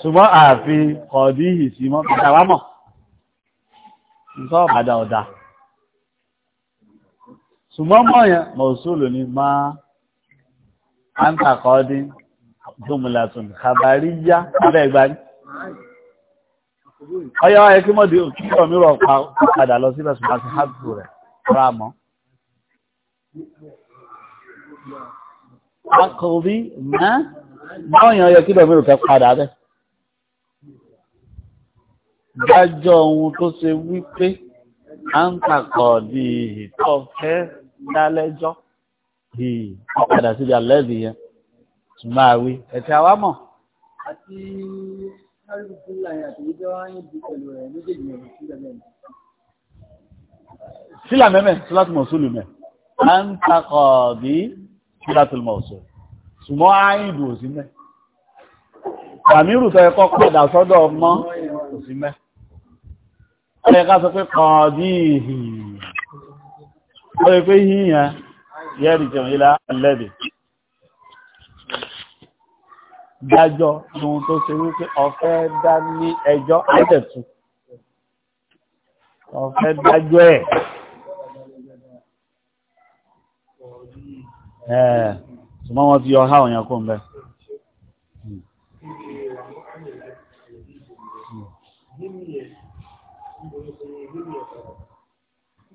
ṣùgbọ́n àfi kọ̀ọ̀dí ìsì mọ́ pàtàwámọ̀ nǹkan bàdá ọ̀dá ṣùgbọ́n mọ́yàn mọ̀súlù ni máa àǹkàkọ̀ dín jùmùlàtùn kàbàríyá abẹ́gbani ọyọ́ ẹkí mọ́dé òkú ọmọ mi rọ̀ padà akọ̀wé mẹ́ báwọn èèyàn yẹ kí lọ́mọ ìrùkẹ́ padà bẹ́ dájọ́ ohun tó ṣe wípé à ń takọ̀ di ìtọ́ fẹ́ dálẹ́jọ́ di ọ̀padà síbi àlẹ́bí yẹn máa wí ẹ̀tẹ̀ àwa mọ̀. àti kárìkù láyìn àtẹ̀yẹ́jọ́ wáyé di pẹ̀lú ẹ̀ méjèèjì yẹn sílẹ̀ mẹ́mẹ́ sílẹ̀ mẹ́mẹ́ sílẹ̀ mọ̀ sólù mẹ́ anta qadi sílátù mọ̀ọ̀sọ̀ ṣùgbọ́n áìdù òsìmẹ́ àmírù tẹ́ e kọ́ padà sọ́dọ̀ ọmọ òsìmẹ́ ọ̀rẹ́ ká sọ pé qadi ìhìn ọ̀rẹ́ pé yíyàn yẹ́rì jẹun ilá ohun tó ṣe wípé ọ̀fẹ́ dá ní ẹjọ́ àtẹ̀tù ọ̀fẹ́ dájọ́ ẹ̀ ẹ̀ẹ́ eh, ṣùgbọ́n wọ́n ti yọ òyìn kó ń bẹ́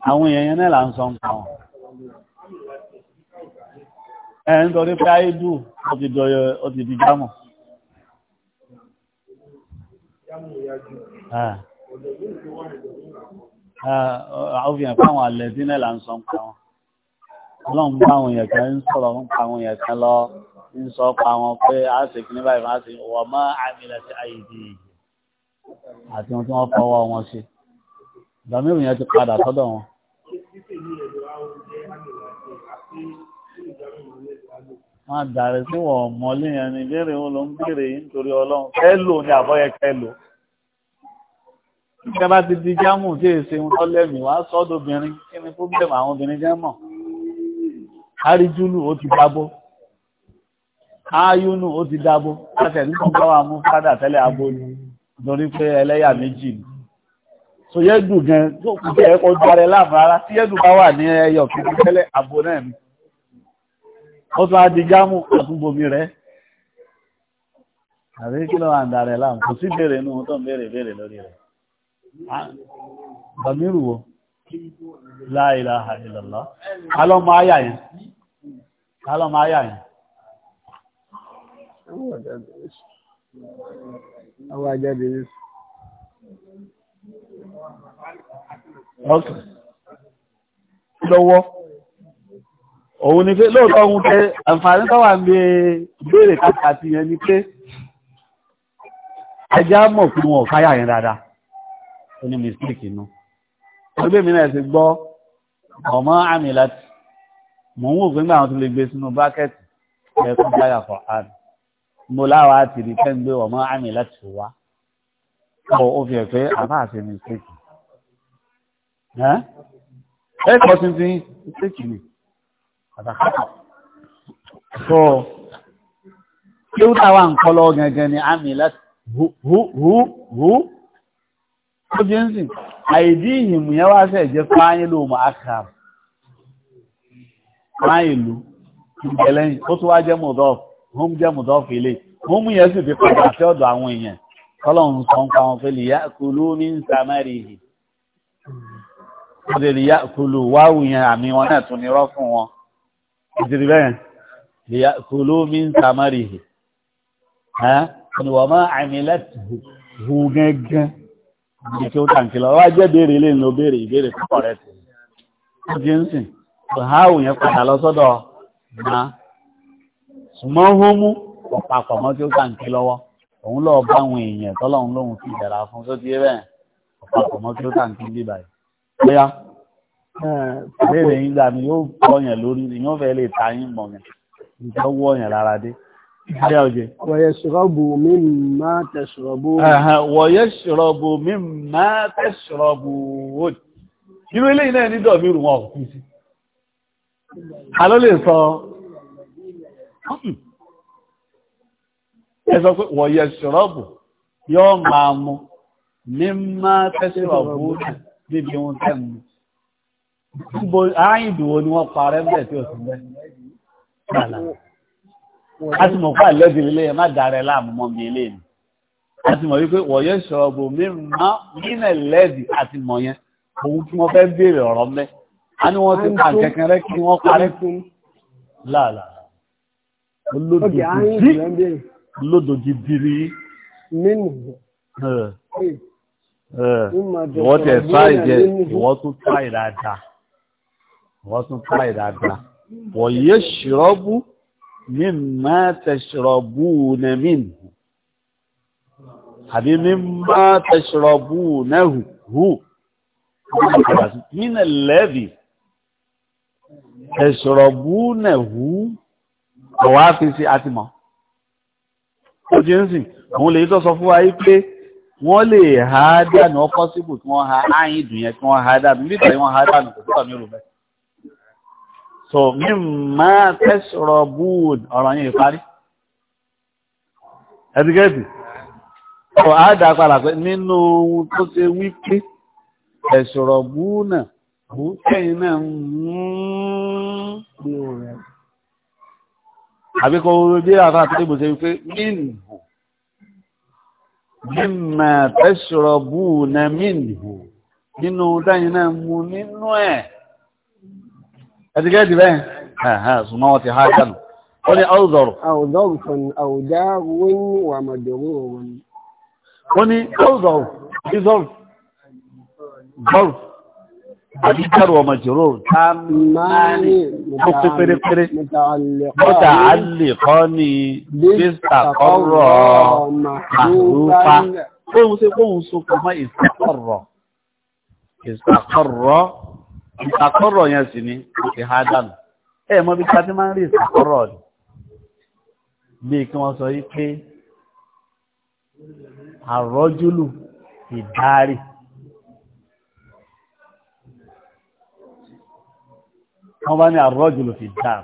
àwọn èèyàn náà là ń sọ ń wọn ẹ̀ ń tọrí pé áìdù ó ti di jámọ̀ eh, eh, àwọn èèyàn fáwọn àlẹ́dínlẹ̀ là ń sọ ń wọn ọlọ́run bá àwọn èèyàn kan ń sọ̀rọ̀ ń pa àwọn èèyàn kan lọ ń sọ pa wọn pé a ṣe kí ní báyìí máa ṣe wọ́n mọ́ àmìlẹ̀ sí àyèdè àti wọn tí wọ́n fọwọ́ wọn ṣe ìdámẹ́rin yẹn ti padà sọ́dọ̀ wọn. wọ́n darí sí wọn mọ́lé yẹn ní ìbéèrè wọn ló ń béèrè yìí nítorí ọlọ́run fẹ́ lò àbọ̀yẹ fẹ́ ìjọba ti di jámù tí èsì ń tọ́lẹ̀ mi wá sọ́dọ̀ obìnrin kí ni fúnbẹ̀mù àwọn obìnrin jẹ́ mọ̀ àríjúlù ó ti dábọ́ ayúnù ó ti dábọ́ látẹ̀lú ọgbà wà mú fádà tẹ́lẹ̀ abó ni lórí pé ẹlẹ́yà méjì ni so yẹ́dù gan tó kù jẹ́ ẹ̀kọ́ jàre láàmúra tí yẹ́dù bá wà ní ẹyọ kìí tẹ́lẹ̀ abó náà ni ó tún adi jámù àtúbomi rẹ̀ àbí kí ló wà ń darẹ̀ láàmú kò sí béèrè inú tó ń béèrè béèrè lórí rẹ̀ bàmírù wo la ilaha illallah alọ́mọ ayà yẹn lálọ́ máa yà yẹn. Àwọn àjáde yìí. Ọ̀kì. Lọ́wọ́. Òun ni pé lóòótọ́ ohun tẹ àǹfààní tó wà ń bí ìbéèrè káàkiri yẹn ni pé ajá mọ̀ pé wọn ò káyà yẹn dáadáa. Ó ní mistake inú. Ọgbẹ́ mi náà ti gbọ́ ọmọ àmì láti mò ń wò pé nígbà wọn ti lè gbé sínú bákẹ́tì ẹ̀kún báyà kọ̀ án mo láwa ti rí pẹ́ ń gbé ọmọ àmì láti wá ọ ó fi ẹ̀fẹ́ àbáàṣe ní ìṣèkì ẹ kọ́ tuntun ìṣèkì ni àtàkàtà sọ kí ó dáwà ń kọ́ gẹ́gẹ́ ni àmì láti hu hu hu ó jẹ́ ń sìn àìdí ìhìmù sẹ̀ jẹ́ fáyín lóòmù àkàrà máa ìlú ìgbẹ̀lẹ́yìn ó tún wá jẹ́ mọ̀dọ́f home jẹ́ mọ̀dọ́f ilé home yẹn sì fi padà sí ọ̀dọ̀ àwọn èèyàn kọ́lọ́hún sọ ń pa wọn pé lìyá kulu ní samari yìí wọ́n ti lìyá kulu wáwù yẹn àmì wọn náà tún nírọ́ fún wọn ìdílé bẹ́ẹ̀ lìyá kulu ní samari yìí ẹ́ ni wọ́n máa àmì lẹ́tù hù gángan ìdíkẹ́ ó tàǹkì lọ wá jẹ́ béèrè lé bùháù yẹn padà lọ sọ́dọ̀ máa súnmọ́ hómú ọ̀pàpọ̀ mọ́ tí ó kà ń ké lọ́wọ́ òun lọ́ọ́ bá àwọn èèyàn tọ́lọ́run lóhun fi ìdára fún tó tiẹ́ ọ̀pàpọ̀ mọ́ tí ó kà ń ké bí báyìí. bóyá eh, béèrè yín gbà mí yóò kọ́ yẹn lórí ni yóò fẹ́ lè ta yín mọ̀ yẹn nǹkan wọ́ yẹn rárá dé. wọ̀yẹ̀ ṣùrọ̀bù mi má tẹ̀sùrọ̀bù. wọ̀yẹ̀ ṣùrọ̀bù mi má tẹ̀sùrọ̀bù wò. irú eléyìí náà ní dọ̀bí rù aló lè sọ ẹ sọ pé wọ́n yẹ ṣọ́rọ́bù yóò máa mú mímá tẹ́sírọ̀bù níbi ohun tẹ́mu gbogbo ààyìndùwò ni wọ́n parẹ́ bẹ́ẹ̀ tí ó sì bẹ́ẹ̀ gbàlá a ti mọ̀ fún àlẹ́bí ilé ẹ̀ má darẹ̀ mi ilé mi a wípé wọ́n yẹ ṣọ́rọ́bù mímá nínú ẹ̀lẹ́bí àti yẹn òun tí wọ́n fẹ́ béèrè ọ̀rọ̀ mẹ́ẹ̀ a ní wọ́n ti pa kẹkẹrẹ kí wọ́n parẹ́ fún láàlá olódòjì bírí ìwọ́n tẹ̀ sáì jẹ ìwọ́n tún sáì dáadáa ìwọ́n tún sáì dáadáa wọ́n yé ṣìrọ́bù mímá tẹ̀ṣìrọ̀bù nẹ́mìnì àbí mímá tẹ̀ṣìrọ̀bù nẹ́hù hù nínú lẹ́bìí ẹ̀ṣọ̀rọ̀bù nẹ̀hú ọ̀wá fi sí àtìmọ̀ ó jẹ́ ń sìn òun lè sọ fún wa yí pé wọ́n lè ha dànù ọkọ́ síbò ha áyìn dùn yẹn kí wọ́n ha dànù nígbà tí ha dànù kò ní so mi máa tẹ̀ṣọ̀rọ̀bù ọ̀rọ̀ yẹn parí dà padà pé nínú ohun tó ṣe wí pé náà bí o rẹ̀. àbíkọ orin bí àfáà tó dìbò ṣe ń pé mínú mímọ̀ tẹ́ṣọ̀rọ̀ bú na mínú nínú dáyìn náà mú nínú ẹ̀ ẹ̀dìgẹ́dì bẹ́ẹ̀ ṣùgbọ́n wọ́n ti há kánù ó ní ọ̀dọ̀rọ̀ ó àbí jẹ́rù ọmọ jùrò tààmì tó kú pérépéré mọ́ta àlèkọ́ ní bíṣà kọ́rọ̀ àrúfà kóhun sí kóhun sókò mọ́ ìsàkọ́rọ̀ ìsàkọ́rọ̀ ìsàkọ́rọ̀ yẹn sì ni ti ha dànù ẹ mọ́ bí ká tí máa ń rí ìsàkọ́rọ̀ ni bí kí wọ́n sọ yí pé àrọ́júlù ìdárì wọ́n bá ní àrọ́jùlù fi dáàr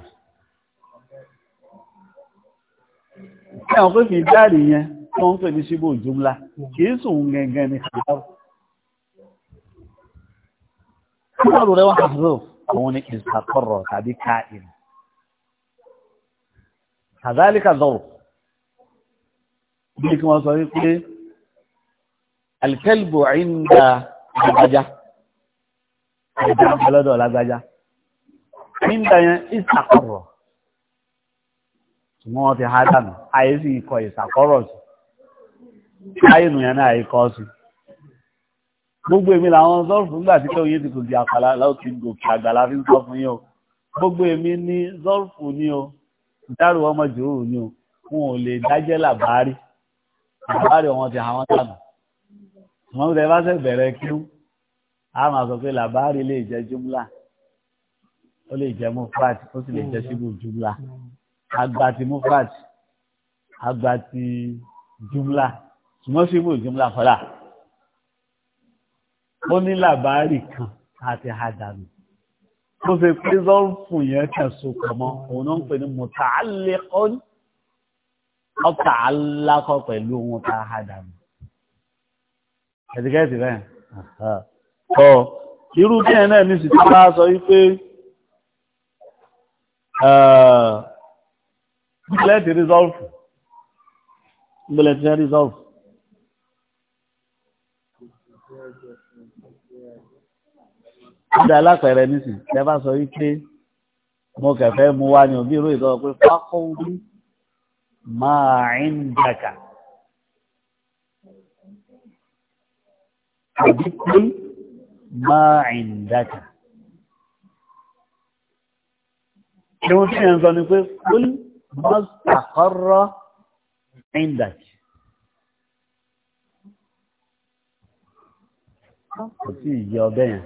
ẹ̀wọ̀n pé fi dáàr yẹn wọ́n ń pè ní ṣíbò jùmlá kìí sùn gẹ̀gẹ̀ ní kàdáwò kúrò rẹ̀ wọ́n àrò òun ni ìsàkọ̀rọ̀ tàbí káàìn kàdálíkà dọ̀rọ̀ bí kí wọ́n sọ wípé alkẹ́lbù àìndà lágbájá ẹ̀dá ọlọ́dọ̀ lágbájá nígbà yẹn ìsàkọ̀rọ̀ tí wọ́n ti há dànù ayé sì ikọ̀ ìsàkọ̀rọ̀ sí ayé nù yẹn náà ikọ̀ sí gbogbo èmi làwọn zọ́ọ̀fù nígbà tí kẹ́wọ́n yé ti kò di àpàlà láti gòkè àgbàlá fi ń sọ fún yín gbogbo èmi ní zọ́ọ̀fù ni o ìdárò ọmọ jòhùrù ni o wọn ò lè dájẹ́ làbárí làbárí wọn ti àwọn dànù wọn bẹ bá sẹ bẹ̀rẹ̀ kí á máa sọ pé làbárí lè jẹ́ jùmlá ó lè jẹ́ mufrat ó sì lè jẹ́ hmm. síbù jumla hmm. agba ti mufrat agba ti jumla ṣùgbọ́n síbù jumla kọ́lá ó ní làbárì kan àti àdàlù tó ṣe pé zọ́ọ̀fù yẹn kẹsùn kọ̀mọ́ òun náà ń pè ní mùtàálẹ́kọ́n ọkà alákọ̀ pẹ̀lú ohun tá a dànù ẹ̀dígẹ́sì bẹ́ẹ̀. irú bẹ́ẹ̀ náà ní sì sọ wípé bílẹ̀tì rìsọ́ọ̀fù bílẹ̀tì rìsọ́ọ̀fù ìdá alápẹ̀rẹ̀ nísì tẹ́bá sọ wípé mo kẹfẹ́ mú wá ní òbí ìròyìn lọ́wọ́ pé fákọ́wí máa ń dàkà àbíkú máa ń dàkà ìwọ̀n tí yẹn sọ ni pé kúl mọ́sàkọ́rọ́ indak kò sí ìyẹ ọbẹ̀ yẹn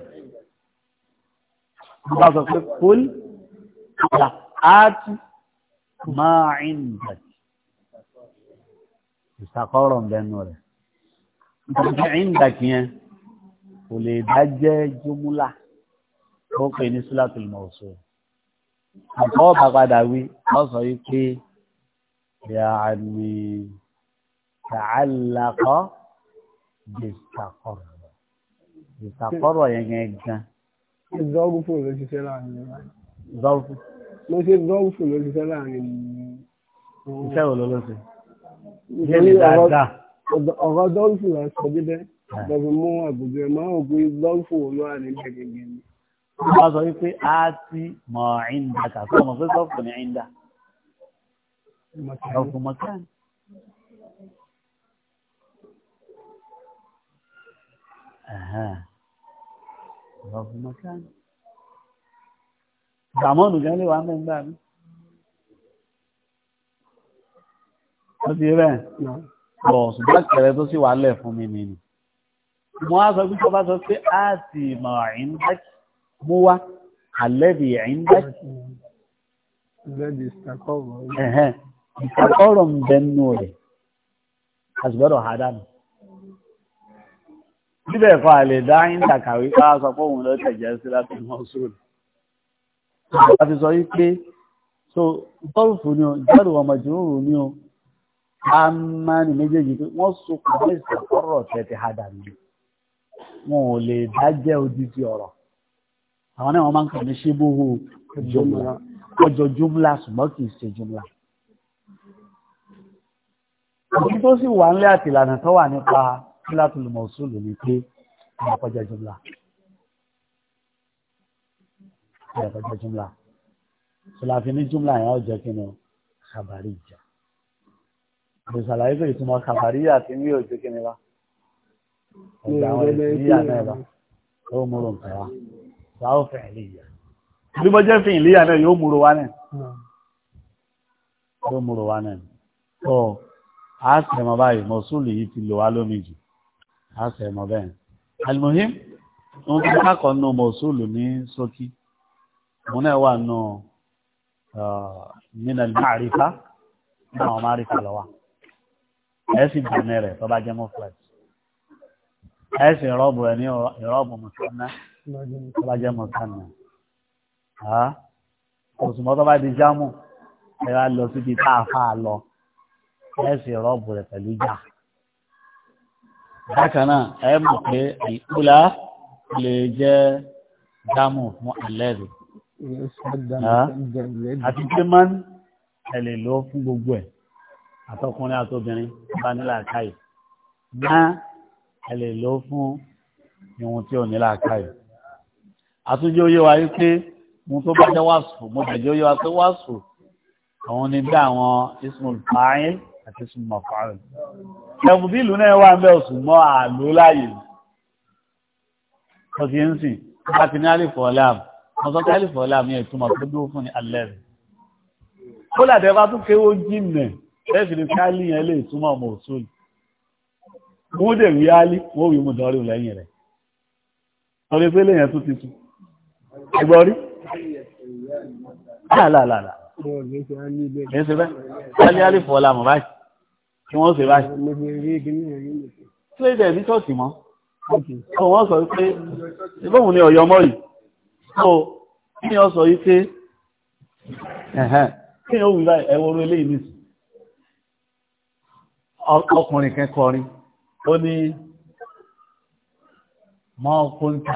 wọ́n bá sọ pé kúl àti máa indak ìsàkọ́rọ̀ bẹnu rẹ̀ nítorí indak yẹn kò lè dájẹ́ jùmúlà ó pè ní sílátùl mọ̀ọ́sọ̀rọ̀ àbọ̀ ọ̀bà padà wí wọ́n sọ yìí pé yàní tààlàkọ́ dìsàkọ̀rọ̀ dìsàkọ̀rọ̀ yẹn gangan. zọ́rùfù ló ṣiṣẹ́ láàrin rẹ̀. zọ́rùfù. mo ṣe zọ́rùfù ló ṣiṣẹ́ láàrin rẹ̀. iṣẹ́ wo ló ló ṣe. yéèmí dáadáa. ọ̀rọ̀ zọ́rùfù la sọ débẹ̀ lọ́sùn mú àgbègbè máa ń gbé zọ́rùfù olúwa nílẹ̀ gẹ́gẹ́ ni wọ́n bá sọ wípé a ti mọ̀ ẹ̀ńdà kàkọ́ ọmọ pé sọ́ọ̀fù ní ẹ̀ńdà sọ́ọ̀fù mọ̀kán. sọ́ọ̀fù mọ̀kán. Dàmọ́nù gan lè wà mẹ́gbà mi. Ó ti rẹ̀ lọ ṣùgbọ́n kẹrẹ tó sì wà lẹ̀ fún mi nìyí. Mo á sọ pé tó sọ pé a ti mọ̀ ẹ̀ńdà kì mú الذي عندك؟ الذي استقر؟ ń bẹ nínú rẹ̀ هذا. àdánù níbẹ̀ kọ́ àlè dá ìndà kàwé ká sọ pé òun ló tẹ̀jẹ́ sí láti mọ́ sóòlù a ti sọ wípé so gọ́ọ̀fù ni o jẹ́rù ọmọ jùúrù ni o a máa ní méjèèjì pé wọ́n so kò ní ìsàkọ́rọ̀ tẹ̀tẹ̀ àdánù wọn ò lè dájẹ́ odidi ọ̀rọ̀ àwọn náà wọ́n máa ń kàn ní ṣíbùhù ọjọ́ jùmlá ṣùgbọ́n kì í ṣe jùmlá òkú tó sì wà nílé àti ìlànà tó wà nípa kílátùl mọ̀súlù ní pé àyàkọjá jùmlá àyàkọjá jùmlá ṣùláfi ní jùmlá yẹn ọjọ́ kí ni kàbàrí ìjà àbùsàlàyé pé ìtumọ̀ kàbàrí àti ní òjò kí ni wá ọgbà àwọn ìdíyà náà lọ ó múrò nǹkan wá ráwọ̀ fẹ̀yìnlẹ̀ ìyà bí bọ́ jẹ́ fẹ̀yìnlẹ̀ ìyà náà yóò múrò wá náà yóò múrò wá náà tó a sẹ̀mọ̀ báyìí mọ̀súlù yìí ti lò wá lómi jù a sẹ̀mọ̀ bẹ́ẹ̀ almuhim ohun tó kákọ̀ nù mọ̀súlù ní sókí mo náà wà nù nínú àrífà nínú àwọn àrífà lọ́wọ́ ẹ̀ sì gbà mẹ́rẹ̀ tó bá jẹ́ mọ́ fúlẹ̀ ẹ̀ sì rọ́ọ̀bù ẹ̀ ní ìrọ́ọ̀bù mùsùlùmí tó bá jẹ́ mọ̀sánà òṣùmọ́ tó bá di jámù ẹ wá lọ síbi tá a fà á lọ ẹ sì rọ́ọ̀bù rẹ̀ pẹ̀lú jà bákan náà ẹ mọ̀ pé ìkúlá lè jẹ́ jámù fún alẹ́ rẹ̀ àti pé máa ń tẹ̀lé lọ fún gbogbo ẹ̀ àtọkùnrin àtobìnrin bá nílà káyì máa tẹ̀lé lọ fún ìwọ̀n tí ò nílà káyì àtúnjẹ́ oyé wa wípé mo tó bá jẹ́ wàásù mo tẹ̀jẹ́ oyé wa pé wàásù àwọn ni bí àwọn ismul fa'il àti ismul maf'ul ẹ̀fùn bílù náà wà ń bẹ́ òsùn mọ́ àlò láàyè ọtí ń sìn bá ti ní àlìfọ̀ ọ̀làm wọ́n sọ pé àlìfọ̀ ọ̀làm yẹn ìtumọ̀ tó dúró fún ni alẹ́ rẹ̀ ó làdẹ́ bá tún kéwó jìnnà lẹ́sìn ní káálí yẹn lè túmọ̀ mọ̀ òsùn mo dẹ̀ rí áálí wọ́n wí mo dọ́rí lẹ́yìn rẹ̀ torí pé lèèyàn tún ti tún ẹgbọ́ rí ní ṣe bẹ́ẹ̀ wọ́n ní àlè fọ́lá mọ̀ báyìí kí wọ́n ṣe báyìí tí ó ní ṣọ́ọ̀ṣì mọ́ ọ wọ́n sọ wípé ìbọ̀wọ̀n ni ọ̀yọ́ mọ́ yìí so kí ni ọ sọ wípé kí ni ó wù láì ẹwọ́rọ̀ eléyìí nìsí ọkùnrin kan ó ní mọ́ kóńtà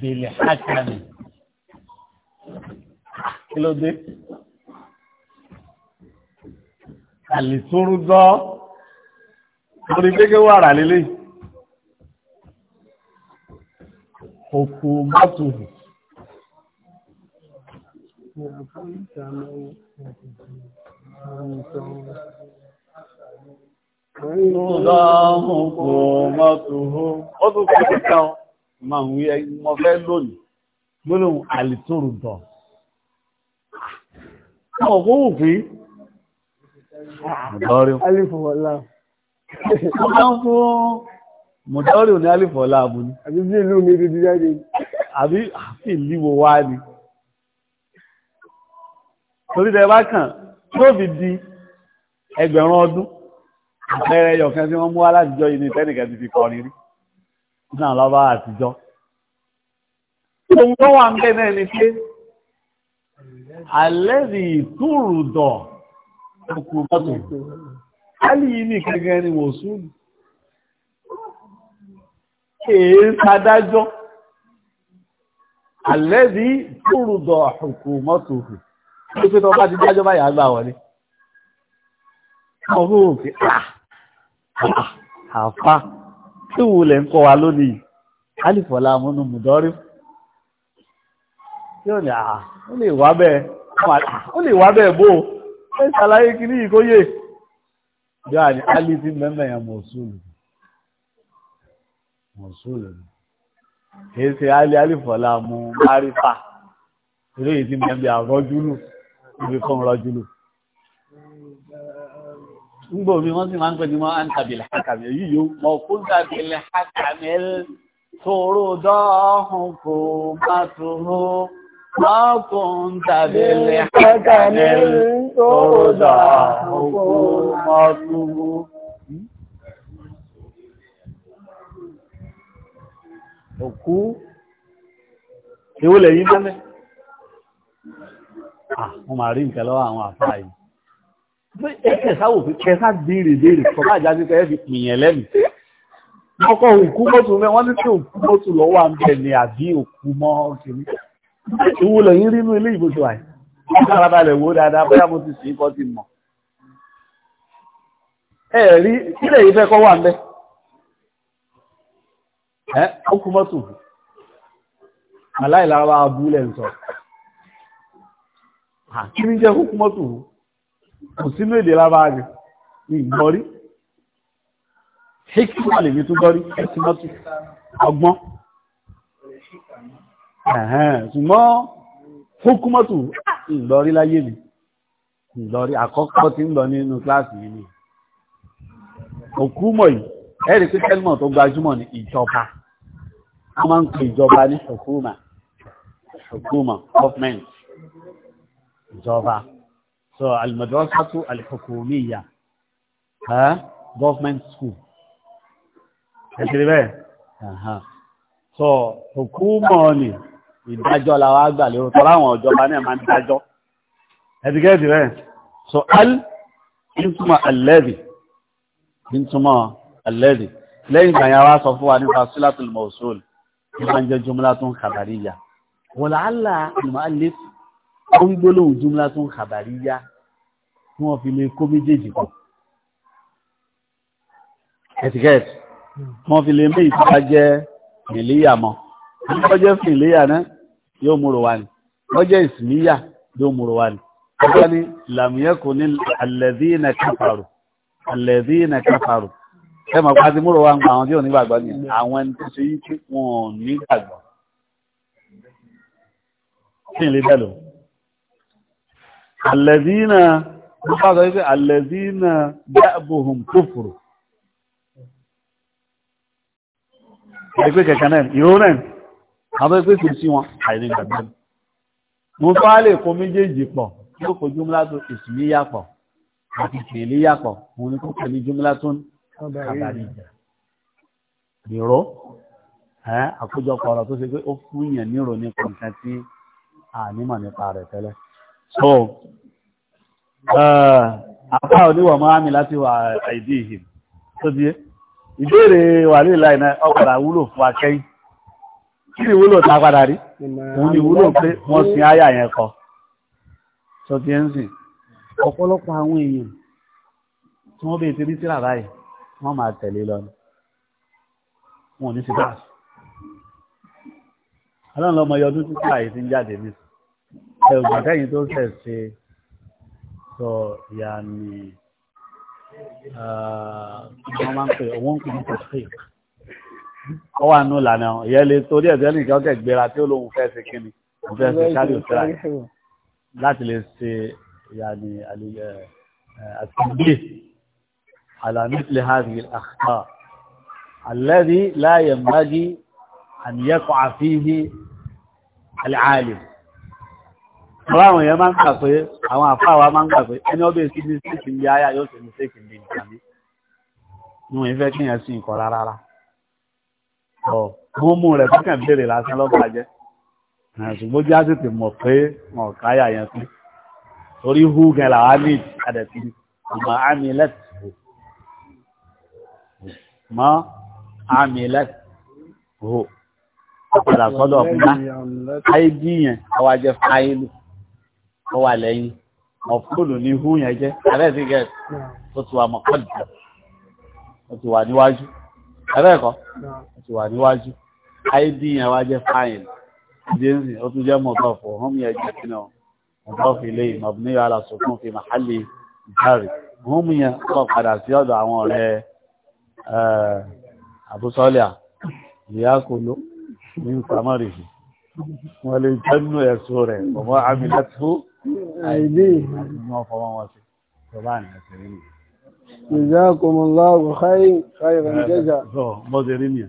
bèlè hákàmì kí ló dé àlìtúrúdọ́ orí gbégé wà rà lélẹ̀ òkú mọ́tò Tó ó. tún kọ́ ìjọ́ máa ń wí mo fẹ́ lónìí gbólóhùn àlìtúrùdọ̀ ọ̀ kó wù pé àlìfọ̀ọ́lá ọ̀gá ń fún mọ̀dọ́rì ò ní àlìfọ̀ọ́lá àbú ni àbí bí ìlú mi ti jáde àbí àfi ìlíwo wá ni torí tẹ bá kàn tó fi di ẹgbẹ̀rún ọdún àpẹẹrẹ ẹyọ̀kan tí wọ́n mú wá látijọ́ yìí ní tẹ́nìkan ti fi kọrin rí náà lọ́bá àtijọ́. Ohun tó wà ń bẹ́ náà ni pé, àlẹ́rì túrùdọ̀ òkú mọ́tò. Kálí yìí ní gẹ́gẹ́ ni wòsùn. Èé sadájọ́. Àlẹ́rì túrùdọ̀ òkú mọ́tò. Ó pé tó bá ti dájọ́ báyìí àgbà wọlé. Ọ̀hún òkè, ah, ah, àfá tí wù lẹ̀ ń kọ́ wa lónìí alìfọ̀lá múnú mùdọ́rí tí ó ní àà ó lè wá bẹ́ẹ̀ bó ẹ ṣàlàyé kìí ìkóyè yóò àní alìfí mẹ́mẹ́ yẹn mọ̀súlù mọ̀súlù kìí ṣe alì alìfọ̀lá mú márífà eré ìdí mẹ́mẹ́ àrọ́júlù ibi kan rọ́júlù ńgbò mi wọ́n sì máa ń pè ní mọ́ antabil hakami èyí yóò mọ̀ fún tabil hakami tòrò dọ́ọ̀hún kò má tòrò mọ́ fún tabil hakami tòrò dọ́ọ̀hún kò má tòrò. Òkú ewu lè yí mọ́lẹ̀. Mo máa rí nǹkan lọ́wọ́ àwọn àfáà yìí ẹ̀kẹ́ sáwò fi kẹsà béèrè béèrè kọ bá jáde pé ẹ̀fì pìyàn lẹ́nu ọkọ̀ òkú mọ́tò mẹ́ wọ́n ní pé òkú mọ́tò lọ wà ń bẹ̀ ni àbí òkú mọ́ kìíní ìwò lẹ́yìn rínú ilé ìbò tó wáyé farabalẹ̀ wo dáadáa bóyá mo ti sìn kọ́ ti mọ̀ ẹ rí kílẹ̀ yìí fẹ́ kọ́ wà ń bẹ́ ẹ òkú mọ́tò aláìlára abúlé ń kí ni jẹ́ òkú mọ́tò kò sínú èdè lábáàgbé ìgbọ́rí hekima lè ní tún gọ́rí ẹ̀sìnmọ́tù ọgbọ́n ṣùgbọ́n hukumọ́tù ìgbọ́rí láyé mi ìgbọ́rí àkọ́kọ́ tí ń lọ nínú kíláàsì yìí ni òkúmọ̀ yìí ẹ̀rí pé tẹ́lmọ̀ tó gbajúmọ̀ ní ìjọba wọ́n máa ń pè ìjọba ní hukuma hukuma government ìjọba so الحكومية ها government school ẹ̀sìn bẹ́ẹ̀ so hukumọ̀ ni ìdájọ́ làwọn àgbà lérò tọ́lá àwọn ọ̀jọba náà máa ń dájọ́ ẹ̀dìgẹ́dì rẹ̀ so al ìtumọ̀ alẹ́dì ìtumọ̀ alẹ́dì lẹ́yìn ìgbàyà wá sọ fún wa nípa sílátùl mọ̀sùl ìmọ̀ jẹ́ jùmọ́lá tó kàbàríyà wọ̀lá àlà ìmọ̀ alẹ́fù ó ń gbólóhùn júmlá tó ń kàbàrí yá tí wọ́n fi lè kó méjèèjì pọ̀ ẹ̀tìkẹ́ẹ̀tì wọ́n fi lè mé ìtura jẹ́ ìléyà mọ́ wọ́n jẹ́ fún ìléyà náà yóò múrò wá ní wọ́n jẹ́ ìsìníyà yóò múrò wá ní ọjọ́ ni làmìyẹ́kù ní alẹ́dínà káfàrù alẹ́dínà káfàrù ẹ mọ̀ pàtí múrò wá ń pa àwọn tí ò ní gbàgbọ́ ni àwọn ẹni tó ṣe yí pé wọn ò ní gbàgbọ́ kí n bẹ́ẹ̀ lòun àlẹ́dínà nípa sọ wípé àlẹ́dínà dáàbòhùn kúfùrù ẹgbẹ́ kẹ̀kẹ́ náà ìró rẹ̀ àwọn ẹgbẹ́ kìí sí wọn àìrí gbàgbẹ́ mo fá lè kó méjèèjì pọ̀ yóò kó júmọ́lá tó ìsìnlẹ̀ yàpọ̀ àti ìsìnlẹ̀ yàpọ̀ òun ni kó pẹ̀lú júmọ́lá tó ń kàbàrí ìjà ìró àkójọpọ̀ ọ̀rọ̀ tó ṣe pé ó fún so uh, àpá oníwọ̀ máa mi láti wà àìdí ìhìn tó díẹ̀ ìbéèrè wà ní ìlà ìná ọ̀pàdà wúlò fún akẹ́yìn kí ni wúlò ta padà pé wọ́n sin áyà yẹn kọ tó ń sìn ọ̀pọ̀lọpọ̀ àwọn èèyàn tí wọ́n bèèrè tíra lọ ni ò ní títí àyè ti ń ẹ̀gbọ́n tẹ́yìn tó fẹ́ ṣe sọ ìyá ni wọ́n máa ń pè owó ń pè ní tẹ̀sík ọ wà nù lànà ìyẹn lè torí ẹ̀jẹ̀ nìkan kẹ̀ gbéra tí ó lóun fẹ́ ṣe kíni òun fẹ́ ṣe kárí òṣèlú láti lè ṣe ìyá ni àtúndì àlàmísìlẹ̀ hàbí àkàtà alẹ́rí láyẹ̀ mbájí àníyẹ́kọ̀ àfihì alẹ́ àlè. Àwọn èèyàn máa ń gbà pé àwọn àfáwà máa ń gbà pé ẹni ọbẹ̀ sí ní síkì ní ayá yóò sì ní síkì ní ìkàmí. Nú ìfẹ́ kí yẹn sí nǹkan rárá. Ọ̀ mú mú rẹ̀ fún kẹ̀mbèrè lásán lọ́gbà jẹ́. Ṣùgbọ́n já sì ti mọ̀ pé wọn káyà yẹn sí. Torí hú gẹ̀ làwa ní àdẹ̀tí mọ àmì lẹ́tù. Mọ àmì lẹ́tù. Ó padà sọ́dọ̀ fún ná. yẹn, àwa jẹ́ wọ́n wà lẹ́yìn mọ̀fúlù ní hú yẹn jẹ́ abẹ́ẹ̀sì gẹ̀ ó ti wà mọ̀kọ́dìdà ó ti wà níwájú abẹ́ẹ̀kọ́ ó ti wà níwájú id yẹn wá jẹ́ fáìn jíǹsì ó tún jẹ́ mọ̀tọ́fù hóm yẹn jẹ́ kí náà mọ̀tọ́fù ilé ìmọ̀bìnrin alásùnkún fi màhálì ìjárì hóm yẹn kọ́ padà sí ọ̀dọ̀ àwọn ọ̀rẹ́ àbúsọ́lẹ̀ ìyákòló ní ìpamọ́rìsì wọ́n lè jẹ́ nínú ẹ̀sùn rẹ̀ ọmọ àmì láti fún àìdí ìmọ̀ fọwọ́ wọn sí tó bá ní ẹsẹ̀ rí mi. Jazakumullahu khairan jaza. Sọ bọ́ ṣe rí mi.